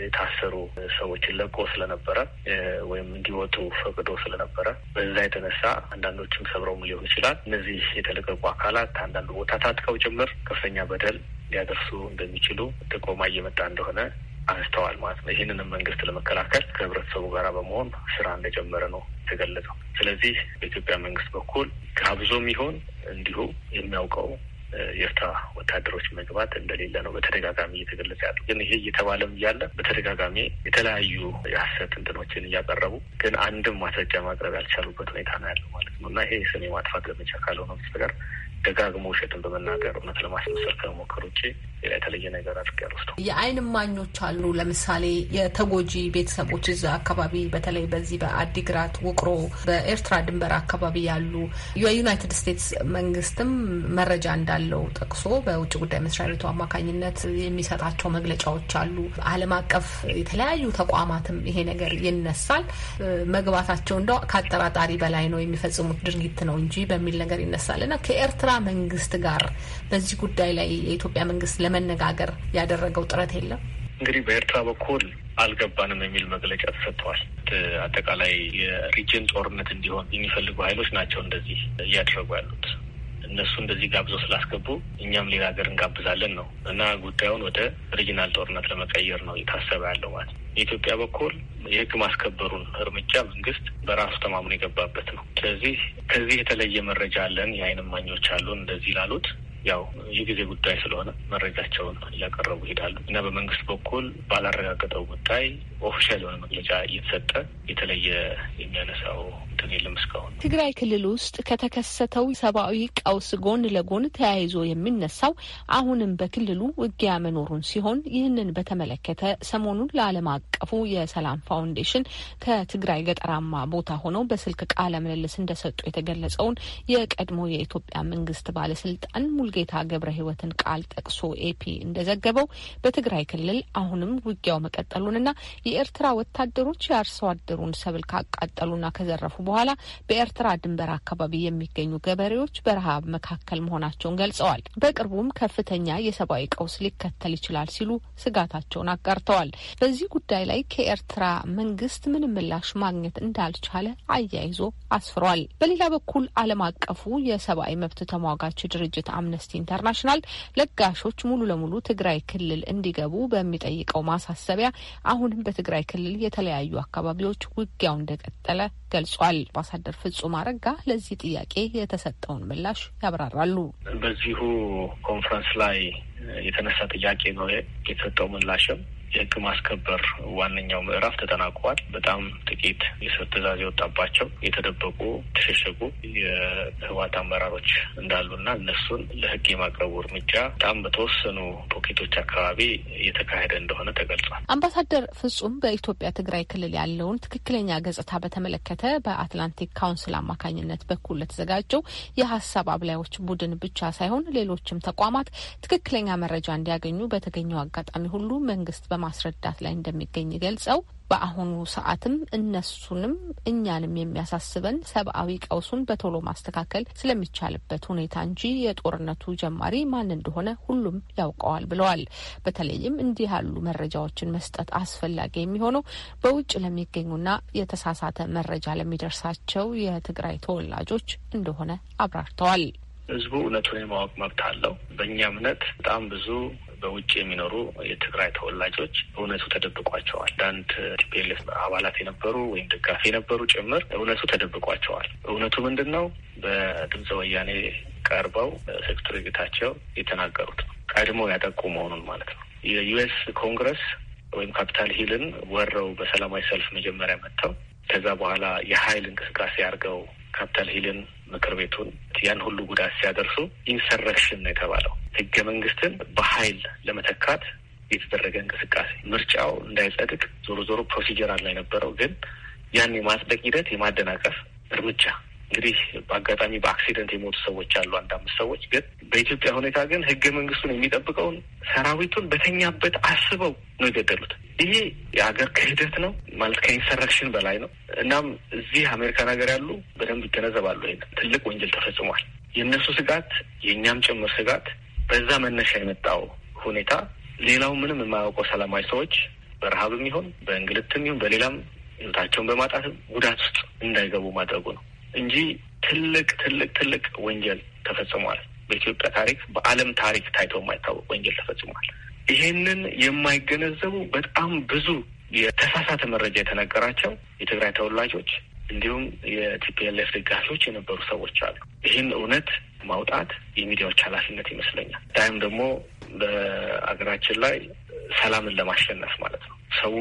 የታሰሩ ሰዎችን ለቆ ስለነበረ ወይም እንዲወጡ ፈቅዶ ስለነበረ በዛ የተነሳ አንዳንዶችም ሰብረውም ሊሆን ይችላል። እነዚህ የተለቀቁ አካላት አንዳንዱ ቦታ ታጥቀው ጭምር ከፍተኛ በደል ሊያደርሱ እንደሚችሉ ጥቆማ እየመጣ እንደሆነ አንስተዋል ማለት ነው። ይህንንም መንግስት ለመከላከል ከህብረተሰቡ ጋር በመሆን ስራ እንደጀመረ ነው የተገለጸው። ስለዚህ በኢትዮጵያ መንግስት በኩል ጋብዞም ይሆን እንዲሁ የሚያውቀው የኤርትራ ወታደሮች መግባት እንደሌለ ነው በተደጋጋሚ እየተገለጸ ያሉ። ግን ይሄ እየተባለም እያለ በተደጋጋሚ የተለያዩ የሀሰት እንትኖችን እያቀረቡ ግን አንድም ማስረጃ ማቅረብ ያልቻሉበት ሁኔታ ነው ያለው ማለት ነው እና ይሄ ስም የማጥፋት ዘመቻ ካልሆነ በስተቀር ደጋግሞ ውሸትን በመናገር እውነት ለማስመሰል ከመሞከር ውጭ ሌላ የተለየ ነገር አድርግ ያልወስዱ የአይን ማኞች አሉ። ለምሳሌ የተጎጂ ቤተሰቦች እዛ አካባቢ በተለይ በዚህ በአዲግራት ውቅሮ፣ በኤርትራ ድንበር አካባቢ ያሉ የዩናይትድ ስቴትስ መንግስትም መረጃ እንዳለው ጠቅሶ በውጭ ጉዳይ መስሪያ ቤቱ አማካኝነት የሚሰጣቸው መግለጫዎች አሉ። ዓለም አቀፍ የተለያዩ ተቋማትም ይሄ ነገር ይነሳል። መግባታቸው እንደው ከአጠራጣሪ በላይ ነው የሚፈጽሙት ድርጊት ነው እንጂ በሚል ነገር ይነሳል እና ከኤርትራ መንግስት ጋር በዚህ ጉዳይ ላይ የኢትዮጵያ መንግስት ለመነጋገር ያደረገው ጥረት የለም? እንግዲህ በኤርትራ በኩል አልገባንም የሚል መግለጫ ተሰጥተዋል። አጠቃላይ የሪጅን ጦርነት እንዲሆን የሚፈልጉ ሀይሎች ናቸው እንደዚህ እያደረጉ ያሉት። እነሱ እንደዚህ ጋብዘው ስላስገቡ እኛም ሌላ ሀገር እንጋብዛለን ነው እና ጉዳዩን ወደ ሪጅናል ጦርነት ለመቀየር ነው የታሰበ ያለው ማለት ነው። የኢትዮጵያ በኩል የህግ ማስከበሩን እርምጃ መንግስት በራሱ ተማምኖ የገባበት ነው። ስለዚህ ከዚህ የተለየ መረጃ አለን፣ የአይን እማኞች አሉን እንደዚህ ላሉት ያው የጊዜ ጉዳይ ስለሆነ መረጃቸውን እያቀረቡ ይሄዳሉ እና በመንግስት በኩል ባላረጋገጠው ጉዳይ ኦፊሻል የሆነ መግለጫ እየተሰጠ የተለየ የሚያነሳው እንትን የለም እስካሁን። ትግራይ ክልል ውስጥ ከተከሰተው ሰብአዊ ቀውስ ጎን ለጎን ተያይዞ የሚነሳው አሁንም በክልሉ ውጊያ መኖሩን ሲሆን ይህንን በተመለከተ ሰሞኑን ለዓለም አቀፉ የሰላም ፋውንዴሽን ከትግራይ ገጠራማ ቦታ ሆነው በስልክ ቃለ ምልልስ እንደሰጡ የተገለጸውን የቀድሞ የኢትዮጵያ መንግስት ባለስልጣን ሙልጌታ ገብረ ህይወትን ቃል ጠቅሶ ኤፒ እንደዘገበው በትግራይ ክልል አሁንም ውጊያው መቀጠሉንና የኤርትራ ወታደሮች የአርሶ አደሩን ሰብል ካቃጠሉና ከዘረፉ በኋላ በኤርትራ ድንበር አካባቢ የሚገኙ ገበሬዎች በረሃብ መካከል መሆናቸውን ገልጸዋል። በቅርቡም ከፍተኛ የሰብአዊ ቀውስ ሊከተል ይችላል ሲሉ ስጋታቸውን አጋርተዋል። በዚህ ጉዳይ ላይ ከኤርትራ መንግስት ምንም ምላሽ ማግኘት እንዳልቻለ አያይዞ አስፍሯል። በሌላ በኩል ዓለም አቀፉ የሰብአዊ መብት ተሟጋች ድርጅት አምነስቲ ኢንተርናሽናል ለጋሾች ሙሉ ለሙሉ ትግራይ ክልል እንዲገቡ በሚጠይቀው ማሳሰቢያ አሁንም በትግራይ ክልል የተለያዩ አካባቢዎች ውጊያው እንደቀጠለ ገልጿል። አምባሳደር ፍጹም አረጋ ለዚህ ጥያቄ የተሰጠውን ምላሽ ያብራራሉ። በዚሁ ኮንፈረንስ ላይ የተነሳ ጥያቄ ነው የተሰጠው ምላሽም የህግ ማስከበር ዋነኛው ምዕራፍ ተጠናቋል። በጣም ጥቂት የእስር የወጣባቸው የተደበቁ የተሸሸጉ የህወሓት አመራሮች እንዳሉና እነሱን ለህግ የማቅረቡ እርምጃ በጣም በተወሰኑ ፖኬቶች አካባቢ እየተካሄደ እንደሆነ ተገልጿል። አምባሳደር ፍጹም በኢትዮጵያ ትግራይ ክልል ያለውን ትክክለኛ ገጽታ በተመለከተ በአትላንቲክ ካውንስል አማካኝነት በኩል ለተዘጋጀው የሀሳብ አብላዮች ቡድን ብቻ ሳይሆን ሌሎችም ተቋማት ትክክለኛ መረጃ እንዲያገኙ በተገኘው አጋጣሚ ሁሉ መንግስት በ በማስረዳት ላይ እንደሚገኝ ገልጸው በአሁኑ ሰዓትም እነሱንም እኛንም የሚያሳስበን ሰብአዊ ቀውሱን በቶሎ ማስተካከል ስለሚቻልበት ሁኔታ እንጂ የጦርነቱ ጀማሪ ማን እንደሆነ ሁሉም ያውቀዋል ብለዋል። በተለይም እንዲህ ያሉ መረጃዎችን መስጠት አስፈላጊ የሚሆነው በውጭ ለሚገኙና የተሳሳተ መረጃ ለሚደርሳቸው የትግራይ ተወላጆች እንደሆነ አብራርተዋል። ህዝቡ እውነቱን የማወቅ መብት አለው። በእኛ እምነት በጣም ብዙ በውጭ የሚኖሩ የትግራይ ተወላጆች እውነቱ ተደብቋቸዋል። አንዳንድ ቲፒኤልኤፍ አባላት የነበሩ ወይም ደጋፊ የነበሩ ጭምር እውነቱ ተደብቋቸዋል። እውነቱ ምንድን ነው? በድምፀ ወያኔ ቀርበው ሴክሬታሪ ጌታቸው የተናገሩት ነው። ቀድሞ ያጠቁ መሆኑን ማለት ነው። የዩኤስ ኮንግረስ ወይም ካፒታል ሂልን ወረው በሰላማዊ ሰልፍ መጀመሪያ መጥተው ከዛ በኋላ የሀይል እንቅስቃሴ አድርገው ካፒታል ሂልን ምክር ቤቱን ያን ሁሉ ጉዳት ሲያደርሱ ኢንሰረክሽን ነው የተባለው። ህገ መንግስትን በሀይል ለመተካት የተደረገ እንቅስቃሴ ምርጫው እንዳይጸድቅ ዞሮ ዞሮ ፕሮሲጀር አለ የነበረው ግን ያን የማጽደቅ ሂደት የማደናቀፍ እርምጃ እንግዲህ በአጋጣሚ በአክሲደንት የሞቱ ሰዎች አሉ፣ አንድ አምስት ሰዎች። ግን በኢትዮጵያ ሁኔታ ግን ህገ መንግስቱን የሚጠብቀውን ሰራዊቱን በተኛበት አስበው ነው የገደሉት። ይሄ የሀገር ክህደት ነው ማለት ከኢንሰረክሽን በላይ ነው። እናም እዚህ አሜሪካን ሀገር ያሉ በደንብ ይገነዘባሉ። ትልቅ ወንጀል ተፈጽሟል። የእነሱ ስጋት የእኛም ጭምር ስጋት በዛ መነሻ የመጣው ሁኔታ ሌላው ምንም የማያውቀው ሰላማዊ ሰዎች በረሀብም ይሁን በእንግልትም ይሁን በሌላም ህይወታቸውን በማጣትም ጉዳት ውስጥ እንዳይገቡ ማድረጉ ነው። እንጂ ትልቅ ትልቅ ትልቅ ወንጀል ተፈጽሟል። በኢትዮጵያ ታሪክ፣ በዓለም ታሪክ ታይቶ የማይታወቅ ወንጀል ተፈጽሟል። ይሄንን የማይገነዘቡ በጣም ብዙ የተሳሳተ መረጃ የተነገራቸው የትግራይ ተወላጆች እንዲሁም የቲፒኤልኤፍ ደጋፊዎች የነበሩ ሰዎች አሉ። ይህን እውነት ማውጣት የሚዲያዎች ኃላፊነት ይመስለኛል። ታይም ደግሞ በሀገራችን ላይ ሰላምን ለማሸነፍ ማለት ነው ሰው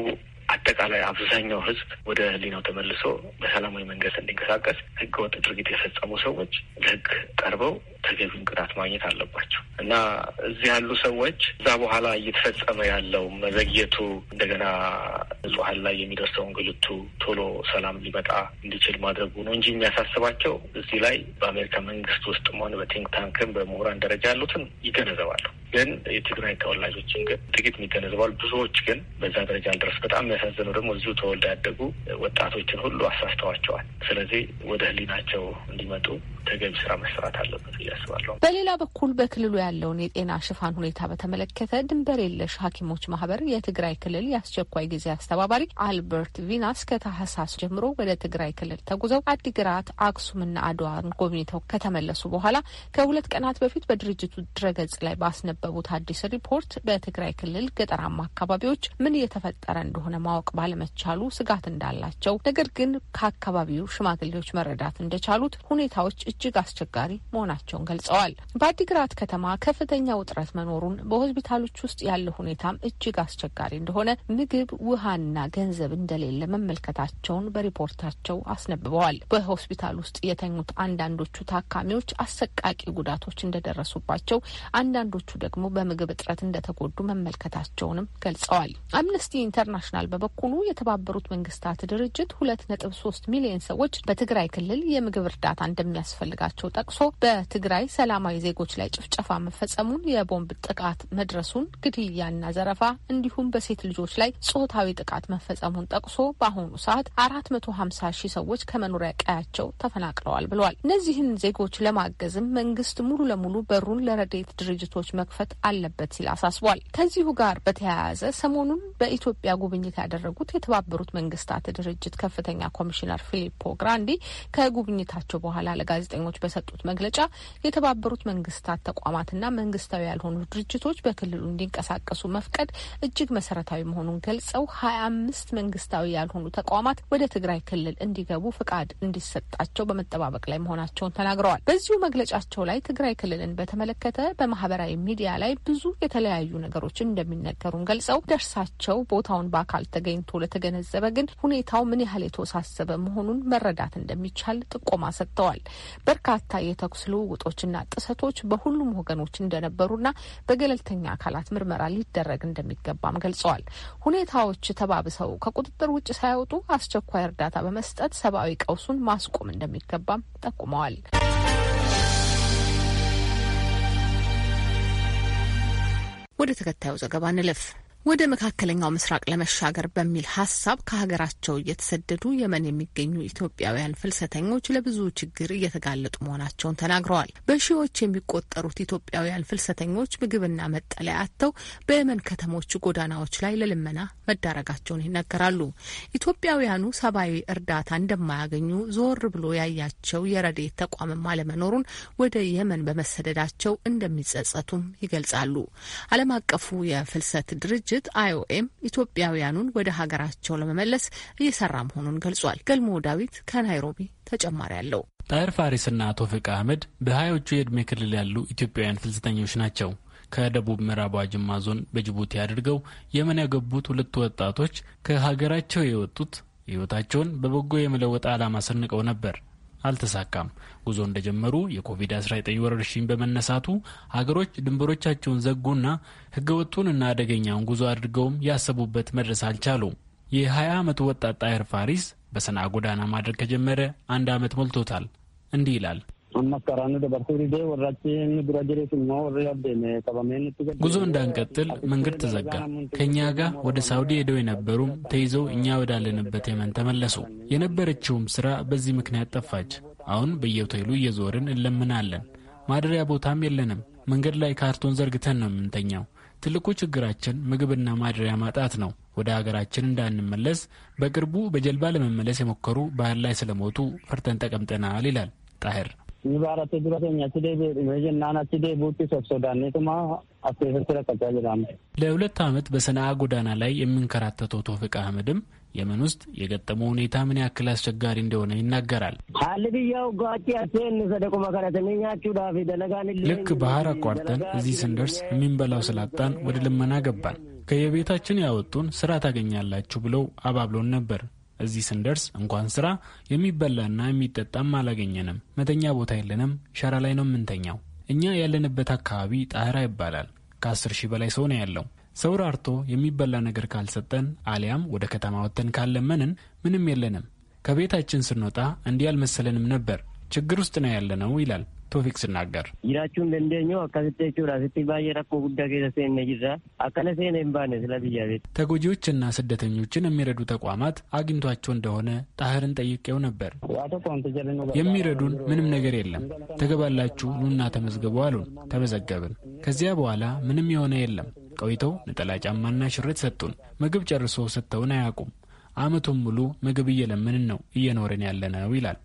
አጠቃላይ አብዛኛው ህዝብ ወደ ህሊናው ተመልሶ በሰላማዊ መንገድ እንዲንቀሳቀስ ህገወጥ ድርጊት የፈጸሙ ሰዎች ለህግ ቀርበው ተገቢውን ቅጣት ማግኘት አለባቸው እና እዚህ ያሉ ሰዎች እዛ በኋላ እየተፈጸመ ያለው መዘግየቱ እንደገና ንጹሀን ላይ የሚደርሰው እንግልቱ ቶሎ ሰላም ሊመጣ እንዲችል ማድረጉ ነው እንጂ የሚያሳስባቸው እዚህ ላይ በአሜሪካ መንግስት ውስጥ መሆን በቲንክ ታንክም በምሁራን ደረጃ ያሉትን ይገነዘባሉ። ግን የትግራይ ተወላጆችን ግን ጥቂት የሚገነዘባሉ፣ ብዙዎች ግን በዛ ደረጃ አልደረስ። በጣም የሚያሳዝነው ደግሞ እዚሁ ተወልደ ያደጉ ወጣቶችን ሁሉ አሳስተዋቸዋል። ስለዚህ ወደ ህሊናቸው እንዲመጡ ተገቢ ስራ መሰራት አለበት አስባለሁ። በሌላ በኩል በክልሉ ያለውን የጤና ሽፋን ሁኔታ በተመለከተ ድንበር የለሽ ሐኪሞች ማህበር የትግራይ ክልል የአስቸኳይ ጊዜ አስተባባሪ አልበርት ቪናስ ከታህሳስ ጀምሮ ወደ ትግራይ ክልል ተጉዘው አዲግራት፣ አክሱምና አድዋን ጎብኝተው ከተመለሱ በኋላ ከሁለት ቀናት በፊት በድርጅቱ ድረገጽ ላይ ባስነበቡት አዲስ ሪፖርት በትግራይ ክልል ገጠራማ አካባቢዎች ምን እየተፈጠረ እንደሆነ ማወቅ ባለመቻሉ ስጋት እንዳላቸው ነገር ግን ከአካባቢው ሽማግሌዎች መረዳት እንደቻሉት ሁኔታዎች እጅግ አስቸጋሪ መሆናቸው መሆናቸውን ገልጸዋል። በአዲግራት ከተማ ከፍተኛ ውጥረት መኖሩን፣ በሆስፒታሎች ውስጥ ያለው ሁኔታም እጅግ አስቸጋሪ እንደሆነ፣ ምግብ፣ ውሃና ገንዘብ እንደሌለ መመልከታቸውን በሪፖርታቸው አስነብበዋል። በሆስፒታል ውስጥ የተኙት አንዳንዶቹ ታካሚዎች አሰቃቂ ጉዳቶች እንደደረሱባቸው፣ አንዳንዶቹ ደግሞ በምግብ እጥረት እንደተጎዱ መመልከታቸውንም ገልጸዋል። አምነስቲ ኢንተርናሽናል በበኩሉ የተባበሩት መንግስታት ድርጅት ሁለት ነጥብ ሶስት ሚሊዮን ሰዎች በትግራይ ክልል የምግብ እርዳታ እንደሚያስፈልጋቸው ጠቅሶ በትግራይ ትግራይ ሰላማዊ ዜጎች ላይ ጭፍጨፋ መፈጸሙን፣ የቦምብ ጥቃት መድረሱን፣ ግድያና ዘረፋ እንዲሁም በሴት ልጆች ላይ ጾታዊ ጥቃት መፈጸሙን ጠቅሶ በአሁኑ ሰዓት አራት መቶ ሀምሳ ሺህ ሰዎች ከመኖሪያ ቀያቸው ተፈናቅለዋል ብሏል። እነዚህን ዜጎች ለማገዝም መንግስት ሙሉ ለሙሉ በሩን ለረዴት ድርጅቶች መክፈት አለበት ሲል አሳስቧል። ከዚሁ ጋር በተያያዘ ሰሞኑን በኢትዮጵያ ጉብኝት ያደረጉት የተባበሩት መንግስታት ድርጅት ከፍተኛ ኮሚሽነር ፊሊፖ ግራንዲ ከጉብኝታቸው በኋላ ለጋዜጠኞች በሰጡት መግለጫ የተባበሩት መንግስታት ተቋማትና መንግስታዊ ያልሆኑ ድርጅቶች በክልሉ እንዲንቀሳቀሱ መፍቀድ እጅግ መሰረታዊ መሆኑን ገልጸው ሀያ አምስት መንግስታዊ ያልሆኑ ተቋማት ወደ ትግራይ ክልል እንዲገቡ ፍቃድ እንዲሰጣቸው በመጠባበቅ ላይ መሆናቸውን ተናግረዋል። በዚሁ መግለጫቸው ላይ ትግራይ ክልልን በተመለከተ በማህበራዊ ሚዲያ ላይ ብዙ የተለያዩ ነገሮች እንደሚነገሩን ገልጸው ደርሳቸው ቦታውን በአካል ተገኝቶ ለተገነዘበ ግን ሁኔታው ምን ያህል የተወሳሰበ መሆኑን መረዳት እንደሚቻል ጥቆማ ሰጥተዋል። በርካታ የተኩስ ልውውጦች ጥቃቶችና ጥሰቶች በሁሉም ወገኖች እንደነበሩና በገለልተኛ አካላት ምርመራ ሊደረግ እንደሚገባም ገልጸዋል። ሁኔታዎች ተባብሰው ከቁጥጥር ውጭ ሳይወጡ አስቸኳይ እርዳታ በመስጠት ሰብአዊ ቀውሱን ማስቆም እንደሚገባም ጠቁመዋል። ወደ ተከታዩ ዘገባ እንለፍ። ወደ መካከለኛው ምስራቅ ለመሻገር በሚል ሀሳብ ከሀገራቸው እየተሰደዱ የመን የሚገኙ ኢትዮጵያውያን ፍልሰተኞች ለብዙ ችግር እየተጋለጡ መሆናቸውን ተናግረዋል። በሺዎች የሚቆጠሩት ኢትዮጵያውያን ፍልሰተኞች ምግብና መጠለያ አጥተው በየመን ከተሞች ጎዳናዎች ላይ ለልመና መዳረጋቸውን ይነገራሉ። ኢትዮጵያውያኑ ሰብአዊ እርዳታ እንደማያገኙ ዞር ብሎ ያያቸው የረድኤት ተቋምም አለመኖሩን ወደ የመን በመሰደዳቸው እንደሚጸጸቱም ይገልጻሉ። ዓለም አቀፉ የፍልሰት ድርጅት ድርጅት አይኦኤም ኢትዮጵያውያኑን ወደ ሀገራቸው ለመመለስ እየሰራ መሆኑን ገልጿል። ገልሞ ዳዊት ከናይሮቢ ተጨማሪ አለው። ጣይር ፋሪስና ቶፊቅ አህመድ በሀያዎቹ የእድሜ ክልል ያሉ ኢትዮጵያውያን ፍልሰተኞች ናቸው። ከደቡብ ምዕራቧ ጅማ ዞን በጅቡቲ አድርገው የመን ያገቡት ሁለቱ ወጣቶች ከሀገራቸው የወጡት ሕይወታቸውን በበጎ የመለወጥ ዓላማ ሰንቀው ነበር። አልተሳካም። ጉዞ እንደጀመሩ የኮቪድ-19 ወረርሽኝ በመነሳቱ ሀገሮች ድንበሮቻቸውን ዘጉና ህገወጡንና አደገኛውን ጉዞ አድርገውም ያሰቡበት መድረስ አልቻሉም። የ20 ዓመቱ ወጣት ጣይር ፋሪስ በሰና ጎዳና ማድረግ ከጀመረ አንድ ዓመት ሞልቶታል። እንዲህ ይላል። amma karaanni dabartuu didee warrachi inni dura jirees immoo warri qabamee ጉዞ እንዳንቀጥል መንገድ ተዘጋ። ከእኛ ጋር ወደ ሳውዲ ሄደው የነበሩም ተይዘው እኛ ወዳለንበት የመን ተመለሱ። የነበረችውም ስራ በዚህ ምክንያት ጠፋች። አሁን በየሆቴሉ እየዞርን እንለምናለን። ማደሪያ ቦታም የለንም። መንገድ ላይ ካርቶን ዘርግተን ነው የምንተኛው። ትልቁ ችግራችን ምግብና ማደሪያ ማጣት ነው። ወደ ሀገራችን እንዳንመለስ በቅርቡ በጀልባ ለመመለስ የሞከሩ ባህር ላይ ስለሞቱ ፈርተን ተቀምጠናል ይላል ጣሄር። Ibaarratti dura keenya sidee jennaan achi deebuutti sobsodaannetuma አስቴቶች ረቀጫል ይላሉ። ለሁለት ዓመት በሰንዓ ጎዳና ላይ የሚንከራተተው ቶፊቅ አህመድም የመን ውስጥ የገጠመው ሁኔታ ምን ያክል አስቸጋሪ እንደሆነ ይናገራል። ልክ ባህር አቋርጠን እዚህ ስንደርስ የምንበላው ስላጣን ወደ ልመና ገባን። ከየቤታችን ያወጡን ስራ ታገኛላችሁ ብለው አባብሎን ነበር። እዚህ ስንደርስ እንኳን ስራ የሚበላና የሚጠጣም አላገኘንም። መተኛ ቦታ የለንም። ሸራ ላይ ነው የምንተኛው። እኛ ያለንበት አካባቢ ጣህራ ይባላል። ከአስር ሺህ በላይ ሰው ነው ያለው። ሰው ራርቶ የሚበላ ነገር ካልሰጠን አሊያም ወደ ከተማ ወጥተን ካለመንን ምንም የለንም። ከቤታችን ስንወጣ እንዲህ አልመሰለንም ነበር። ችግር ውስጥ ነው ያለነው ይላል ቶፊቅ ስናገር ጅራቹን ደንደኞ አካስቴቹ ራስቲ ባየር ረኮ ጉዳ ኬሰሴነ ጅራ አካለ ሴነ ባነ ስለ ብያቤት ተጎጂዎችና ስደተኞችን የሚረዱ ተቋማት አግኝቷቸው እንደሆነ ጣህርን ጠይቄው ነበር። የሚረዱን ምንም ነገር የለም፣ ተገባላችሁ ኑና ተመዝግቡ አሉን። ተመዘገብን። ከዚያ በኋላ ምንም የሆነ የለም። ቆይተው ነጠላ ጫማና ሽረት ሰጡን። ምግብ ጨርሶ ሰጥተውን አያውቁም። አመቱን ሙሉ ምግብ እየለምንን ነው እየኖርን ያለ ነው ይላል።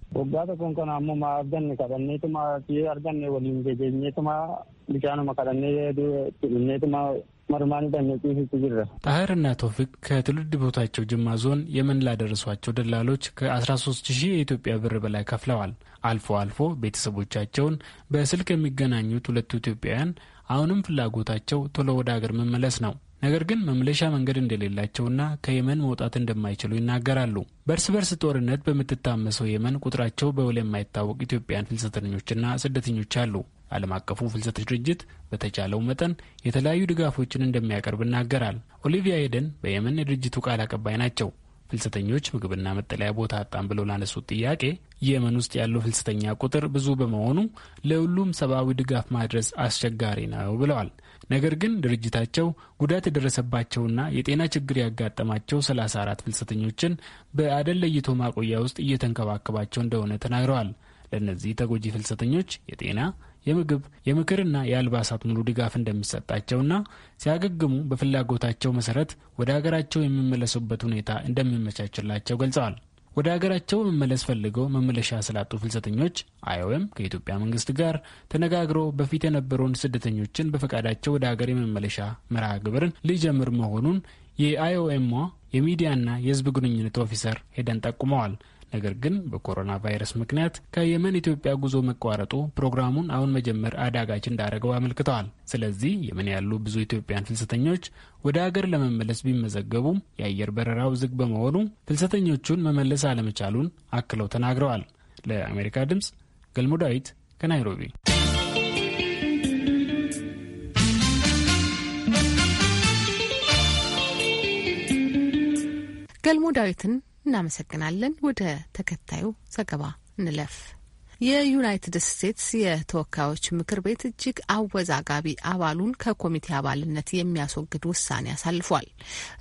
ጣህርና ቶፊክ ከትውልድ ቦታቸው ጅማ ዞን የመን ላደረሷቸው ደላሎች ከ13 ሺህ የኢትዮጵያ ብር በላይ ከፍለዋል። አልፎ አልፎ ቤተሰቦቻቸውን በስልክ የሚገናኙት ሁለቱ ኢትዮጵያውያን አሁንም ፍላጎታቸው ቶሎ ወደ አገር መመለስ ነው። ነገር ግን መምለሻ መንገድ እንደሌላቸውና ከየመን መውጣት እንደማይችሉ ይናገራሉ። በእርስ በርስ ጦርነት በምትታመሰው የመን ቁጥራቸው በውል የማይታወቅ ኢትዮጵያን ፍልሰተኞችና ስደተኞች አሉ። ዓለም አቀፉ ፍልሰት ድርጅት በተቻለው መጠን የተለያዩ ድጋፎችን እንደሚያቀርብ ይናገራል። ኦሊቪያ ሄደን በየመን የድርጅቱ ቃል አቀባይ ናቸው። ፍልሰተኞች ምግብና መጠለያ ቦታ አጣም ብለው ላነሱት ጥያቄ የመን ውስጥ ያለው ፍልሰተኛ ቁጥር ብዙ በመሆኑ ለሁሉም ሰብአዊ ድጋፍ ማድረስ አስቸጋሪ ነው ብለዋል። ነገር ግን ድርጅታቸው ጉዳት የደረሰባቸውና የጤና ችግር ያጋጠማቸው 34 ፍልሰተኞችን በአደን ለይቶ ማቆያ ውስጥ እየተንከባከባቸው እንደሆነ ተናግረዋል። ለእነዚህ ተጎጂ ፍልሰተኞች የጤና የምግብ፣ የምክርና የአልባሳት ሙሉ ድጋፍ እንደሚሰጣቸውና ሲያገግሙ በፍላጎታቸው መሰረት ወደ ሀገራቸው የሚመለሱበት ሁኔታ እንደሚመቻችላቸው ገልጸዋል። ወደ ሀገራቸው መመለስ ፈልገው መመለሻ ስላጡ ፍልሰተኞች አይኦኤም ከኢትዮጵያ መንግስት ጋር ተነጋግሮ በፊት የነበረውን ስደተኞችን በፈቃዳቸው ወደ ሀገር የመመለሻ መርሃ ግብርን ሊጀምር መሆኑን የአይኦኤሟ የሚዲያና የህዝብ ግንኙነት ኦፊሰር ሄደን ጠቁመዋል። ነገር ግን በኮሮና ቫይረስ ምክንያት ከየመን ኢትዮጵያ ጉዞ መቋረጡ ፕሮግራሙን አሁን መጀመር አዳጋች እንዳደረገው አመልክተዋል። ስለዚህ የመን ያሉ ብዙ ኢትዮጵያን ፍልሰተኞች ወደ አገር ለመመለስ ቢመዘገቡም የአየር በረራው ዝግ በመሆኑ ፍልሰተኞቹን መመለስ አለመቻሉን አክለው ተናግረዋል። ለአሜሪካ ድምፅ ገልሞ ዳዊት ከናይሮቢ። ገልሞ ዳዊትን እናመሰግናለን። ወደ ተከታዩ ዘገባ እንለፍ። የዩናይትድ ስቴትስ የተወካዮች ምክር ቤት እጅግ አወዛጋቢ አባሉን ከኮሚቴ አባልነት የሚያስወግድ ውሳኔ አሳልፏል።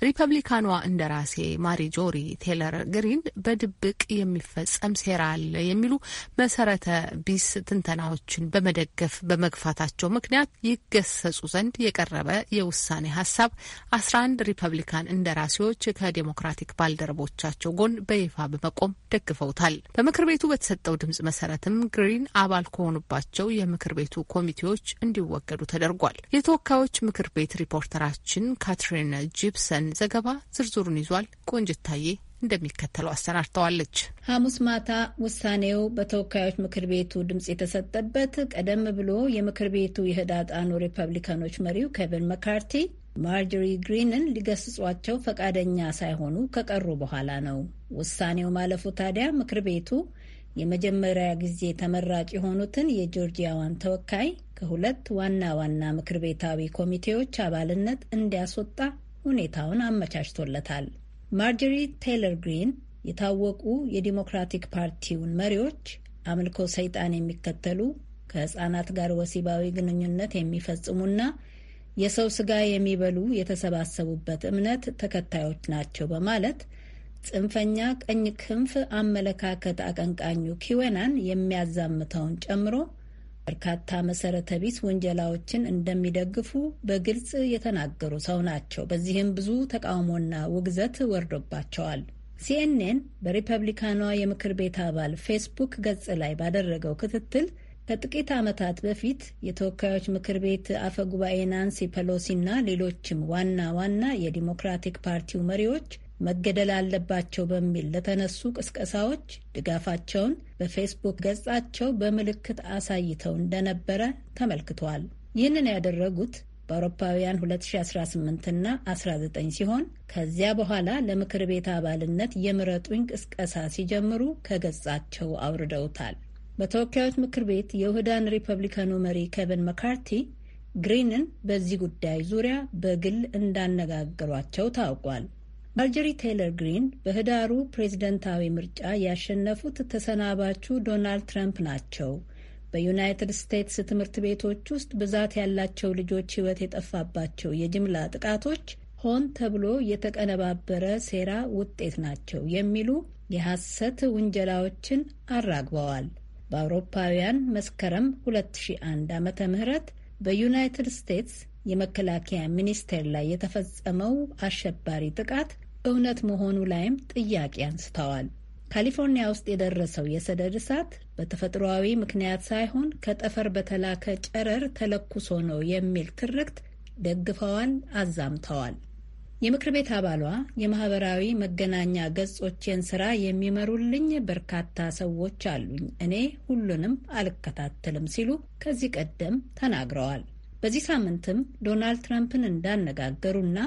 ሪፐብሊካኗ እንደራሴ ማሪጆሪ ቴለር ግሪን በድብቅ የሚፈጸም ሴራ አለ የሚሉ መሰረተ ቢስ ትንተናዎችን በመደገፍ በመግፋታቸው ምክንያት ይገሰጹ ዘንድ የቀረበ የውሳኔ ሀሳብ አስራ አንድ ሪፐብሊካን እንደራሴዎች ከዴሞክራቲክ ባልደረቦቻቸው ጎን በይፋ በመቆም ደግፈውታል። በምክር ቤቱ በተሰጠው ድምጽ መሰረት ምክንያትም ግሪን አባል ከሆኑባቸው የምክር ቤቱ ኮሚቴዎች እንዲወገዱ ተደርጓል። የተወካዮች ምክር ቤት ሪፖርተራችን ካትሪን ጂፕሰን ዘገባ ዝርዝሩን ይዟል። ቆንጅታዬ እንደሚከተለው አሰናድተዋለች። ሐሙስ ማታ ውሳኔው በተወካዮች ምክር ቤቱ ድምፅ የተሰጠበት ቀደም ብሎ የምክር ቤቱ የህዳጣኑ ሪፐብሊካኖች መሪው ኬቪን መካርቲ ማርጀሪ ግሪንን ሊገስጿቸው ፈቃደኛ ሳይሆኑ ከቀሩ በኋላ ነው። ውሳኔው ማለፉ ታዲያ ምክር ቤቱ የመጀመሪያ ጊዜ ተመራጭ የሆኑትን የጆርጂያዋን ተወካይ ከሁለት ዋና ዋና ምክር ቤታዊ ኮሚቴዎች አባልነት እንዲያስወጣ ሁኔታውን አመቻችቶለታል። ማርጀሪ ቴይለር ግሪን የታወቁ የዲሞክራቲክ ፓርቲውን መሪዎች አምልኮ ሰይጣን የሚከተሉ ከህፃናት ጋር ወሲባዊ ግንኙነት የሚፈጽሙና የሰው ስጋ የሚበሉ የተሰባሰቡበት እምነት ተከታዮች ናቸው በማለት ጽንፈኛ ቀኝ ክንፍ አመለካከት አቀንቃኙ ኪዌናን የሚያዛምተውን ጨምሮ በርካታ መሰረተ ቢስ ወንጀላዎችን እንደሚደግፉ በግልጽ የተናገሩ ሰው ናቸው። በዚህም ብዙ ተቃውሞና ውግዘት ወርዶባቸዋል። ሲኤንኤን በሪፐብሊካኗ የምክር ቤት አባል ፌስቡክ ገጽ ላይ ባደረገው ክትትል ከጥቂት ዓመታት በፊት የተወካዮች ምክር ቤት አፈ ጉባኤ ናንሲ ፐሎሲና ሌሎችም ዋና ዋና የዲሞክራቲክ ፓርቲው መሪዎች መገደል አለባቸው በሚል ለተነሱ ቅስቀሳዎች ድጋፋቸውን በፌስቡክ ገጻቸው በምልክት አሳይተው እንደነበረ ተመልክቷል። ይህንን ያደረጉት በአውሮፓውያን 2018 ና 19 ሲሆን ከዚያ በኋላ ለምክር ቤት አባልነት የምረጡኝ ቅስቀሳ ሲጀምሩ ከገጻቸው አውርደውታል። በተወካዮች ምክር ቤት የውህዳን ሪፐብሊካኑ መሪ ኬቨን መካርቲ ግሪንን በዚህ ጉዳይ ዙሪያ በግል እንዳነጋገሯቸው ታውቋል። ማርጀሪ ቴይለር ግሪን በህዳሩ ፕሬዝደንታዊ ምርጫ ያሸነፉት ተሰናባቹ ዶናልድ ትራምፕ ናቸው። በዩናይትድ ስቴትስ ትምህርት ቤቶች ውስጥ ብዛት ያላቸው ልጆች ህይወት የጠፋባቸው የጅምላ ጥቃቶች ሆን ተብሎ የተቀነባበረ ሴራ ውጤት ናቸው የሚሉ የሐሰት ውንጀላዎችን አራግበዋል። በአውሮፓውያን መስከረም 2001 ዓመተ ምህረት በዩናይትድ ስቴትስ የመከላከያ ሚኒስቴር ላይ የተፈጸመው አሸባሪ ጥቃት እውነት መሆኑ ላይም ጥያቄ አንስተዋል። ካሊፎርኒያ ውስጥ የደረሰው የሰደድ እሳት በተፈጥሯዊ ምክንያት ሳይሆን ከጠፈር በተላከ ጨረር ተለኩሶ ነው የሚል ትርክት ደግፈዋል፣ አዛምተዋል። የምክር ቤት አባሏ የማህበራዊ መገናኛ ገጾቼን ስራ የሚመሩልኝ በርካታ ሰዎች አሉኝ፣ እኔ ሁሉንም አልከታተልም ሲሉ ከዚህ ቀደም ተናግረዋል። በዚህ ሳምንትም ዶናልድ ትራምፕን እንዳነጋገሩና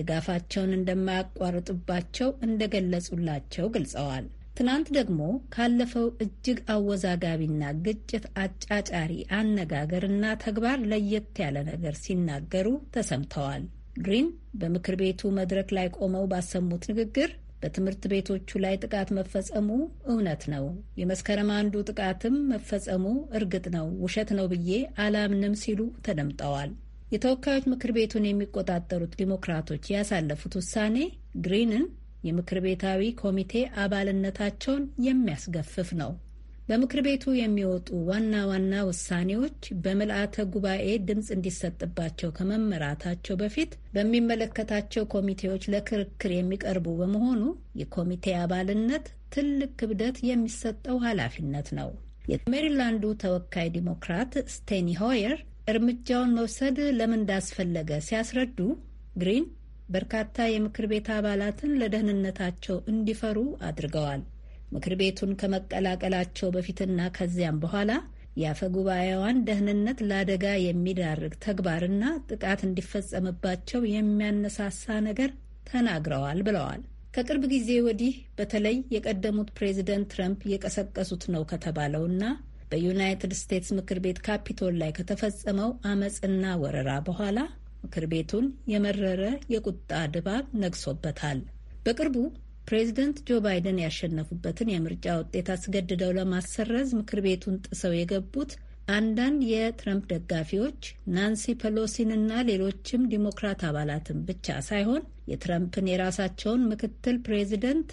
ድጋፋቸውን እንደማያቋርጡባቸው እንደገለጹላቸው ገልጸዋል። ትናንት ደግሞ ካለፈው እጅግ አወዛጋቢና ግጭት አጫጫሪ አነጋገርና ተግባር ለየት ያለ ነገር ሲናገሩ ተሰምተዋል። ግሪን በምክር ቤቱ መድረክ ላይ ቆመው ባሰሙት ንግግር በትምህርት ቤቶቹ ላይ ጥቃት መፈጸሙ እውነት ነው፣ የመስከረም አንዱ ጥቃትም መፈጸሙ እርግጥ ነው፣ ውሸት ነው ብዬ አላምንም ሲሉ ተደምጠዋል። የተወካዮች ምክር ቤቱን የሚቆጣጠሩት ዲሞክራቶች ያሳለፉት ውሳኔ ግሪንን የምክር ቤታዊ ኮሚቴ አባልነታቸውን የሚያስገፍፍ ነው። በምክር ቤቱ የሚወጡ ዋና ዋና ውሳኔዎች በምልአተ ጉባኤ ድምፅ እንዲሰጥባቸው ከመመራታቸው በፊት በሚመለከታቸው ኮሚቴዎች ለክርክር የሚቀርቡ በመሆኑ የኮሚቴ አባልነት ትልቅ ክብደት የሚሰጠው ኃላፊነት ነው። የሜሪላንዱ ተወካይ ዲሞክራት ስቴኒ ሆየር እርምጃውን መውሰድ ለምን እንዳስፈለገ ሲያስረዱ ግሪን በርካታ የምክር ቤት አባላትን ለደህንነታቸው እንዲፈሩ አድርገዋል። ምክር ቤቱን ከመቀላቀላቸው በፊትና ከዚያም በኋላ የአፈ ጉባኤዋን ደህንነት ለአደጋ የሚዳርግ ተግባርና ጥቃት እንዲፈጸምባቸው የሚያነሳሳ ነገር ተናግረዋል ብለዋል። ከቅርብ ጊዜ ወዲህ በተለይ የቀደሙት ፕሬዚደንት ትረምፕ የቀሰቀሱት ነው ከተባለውና በዩናይትድ ስቴትስ ምክር ቤት ካፒቶል ላይ ከተፈጸመው አመፅና ወረራ በኋላ ምክር ቤቱን የመረረ የቁጣ ድባብ ነግሶበታል። በቅርቡ ፕሬዚደንት ጆ ባይደን ያሸነፉበትን የምርጫ ውጤት አስገድደው ለማሰረዝ ምክር ቤቱን ጥሰው የገቡት አንዳንድ የትረምፕ ደጋፊዎች ናንሲ ፐሎሲንና ሌሎችም ዲሞክራት አባላትን ብቻ ሳይሆን የትረምፕን የራሳቸውን ምክትል ፕሬዚደንት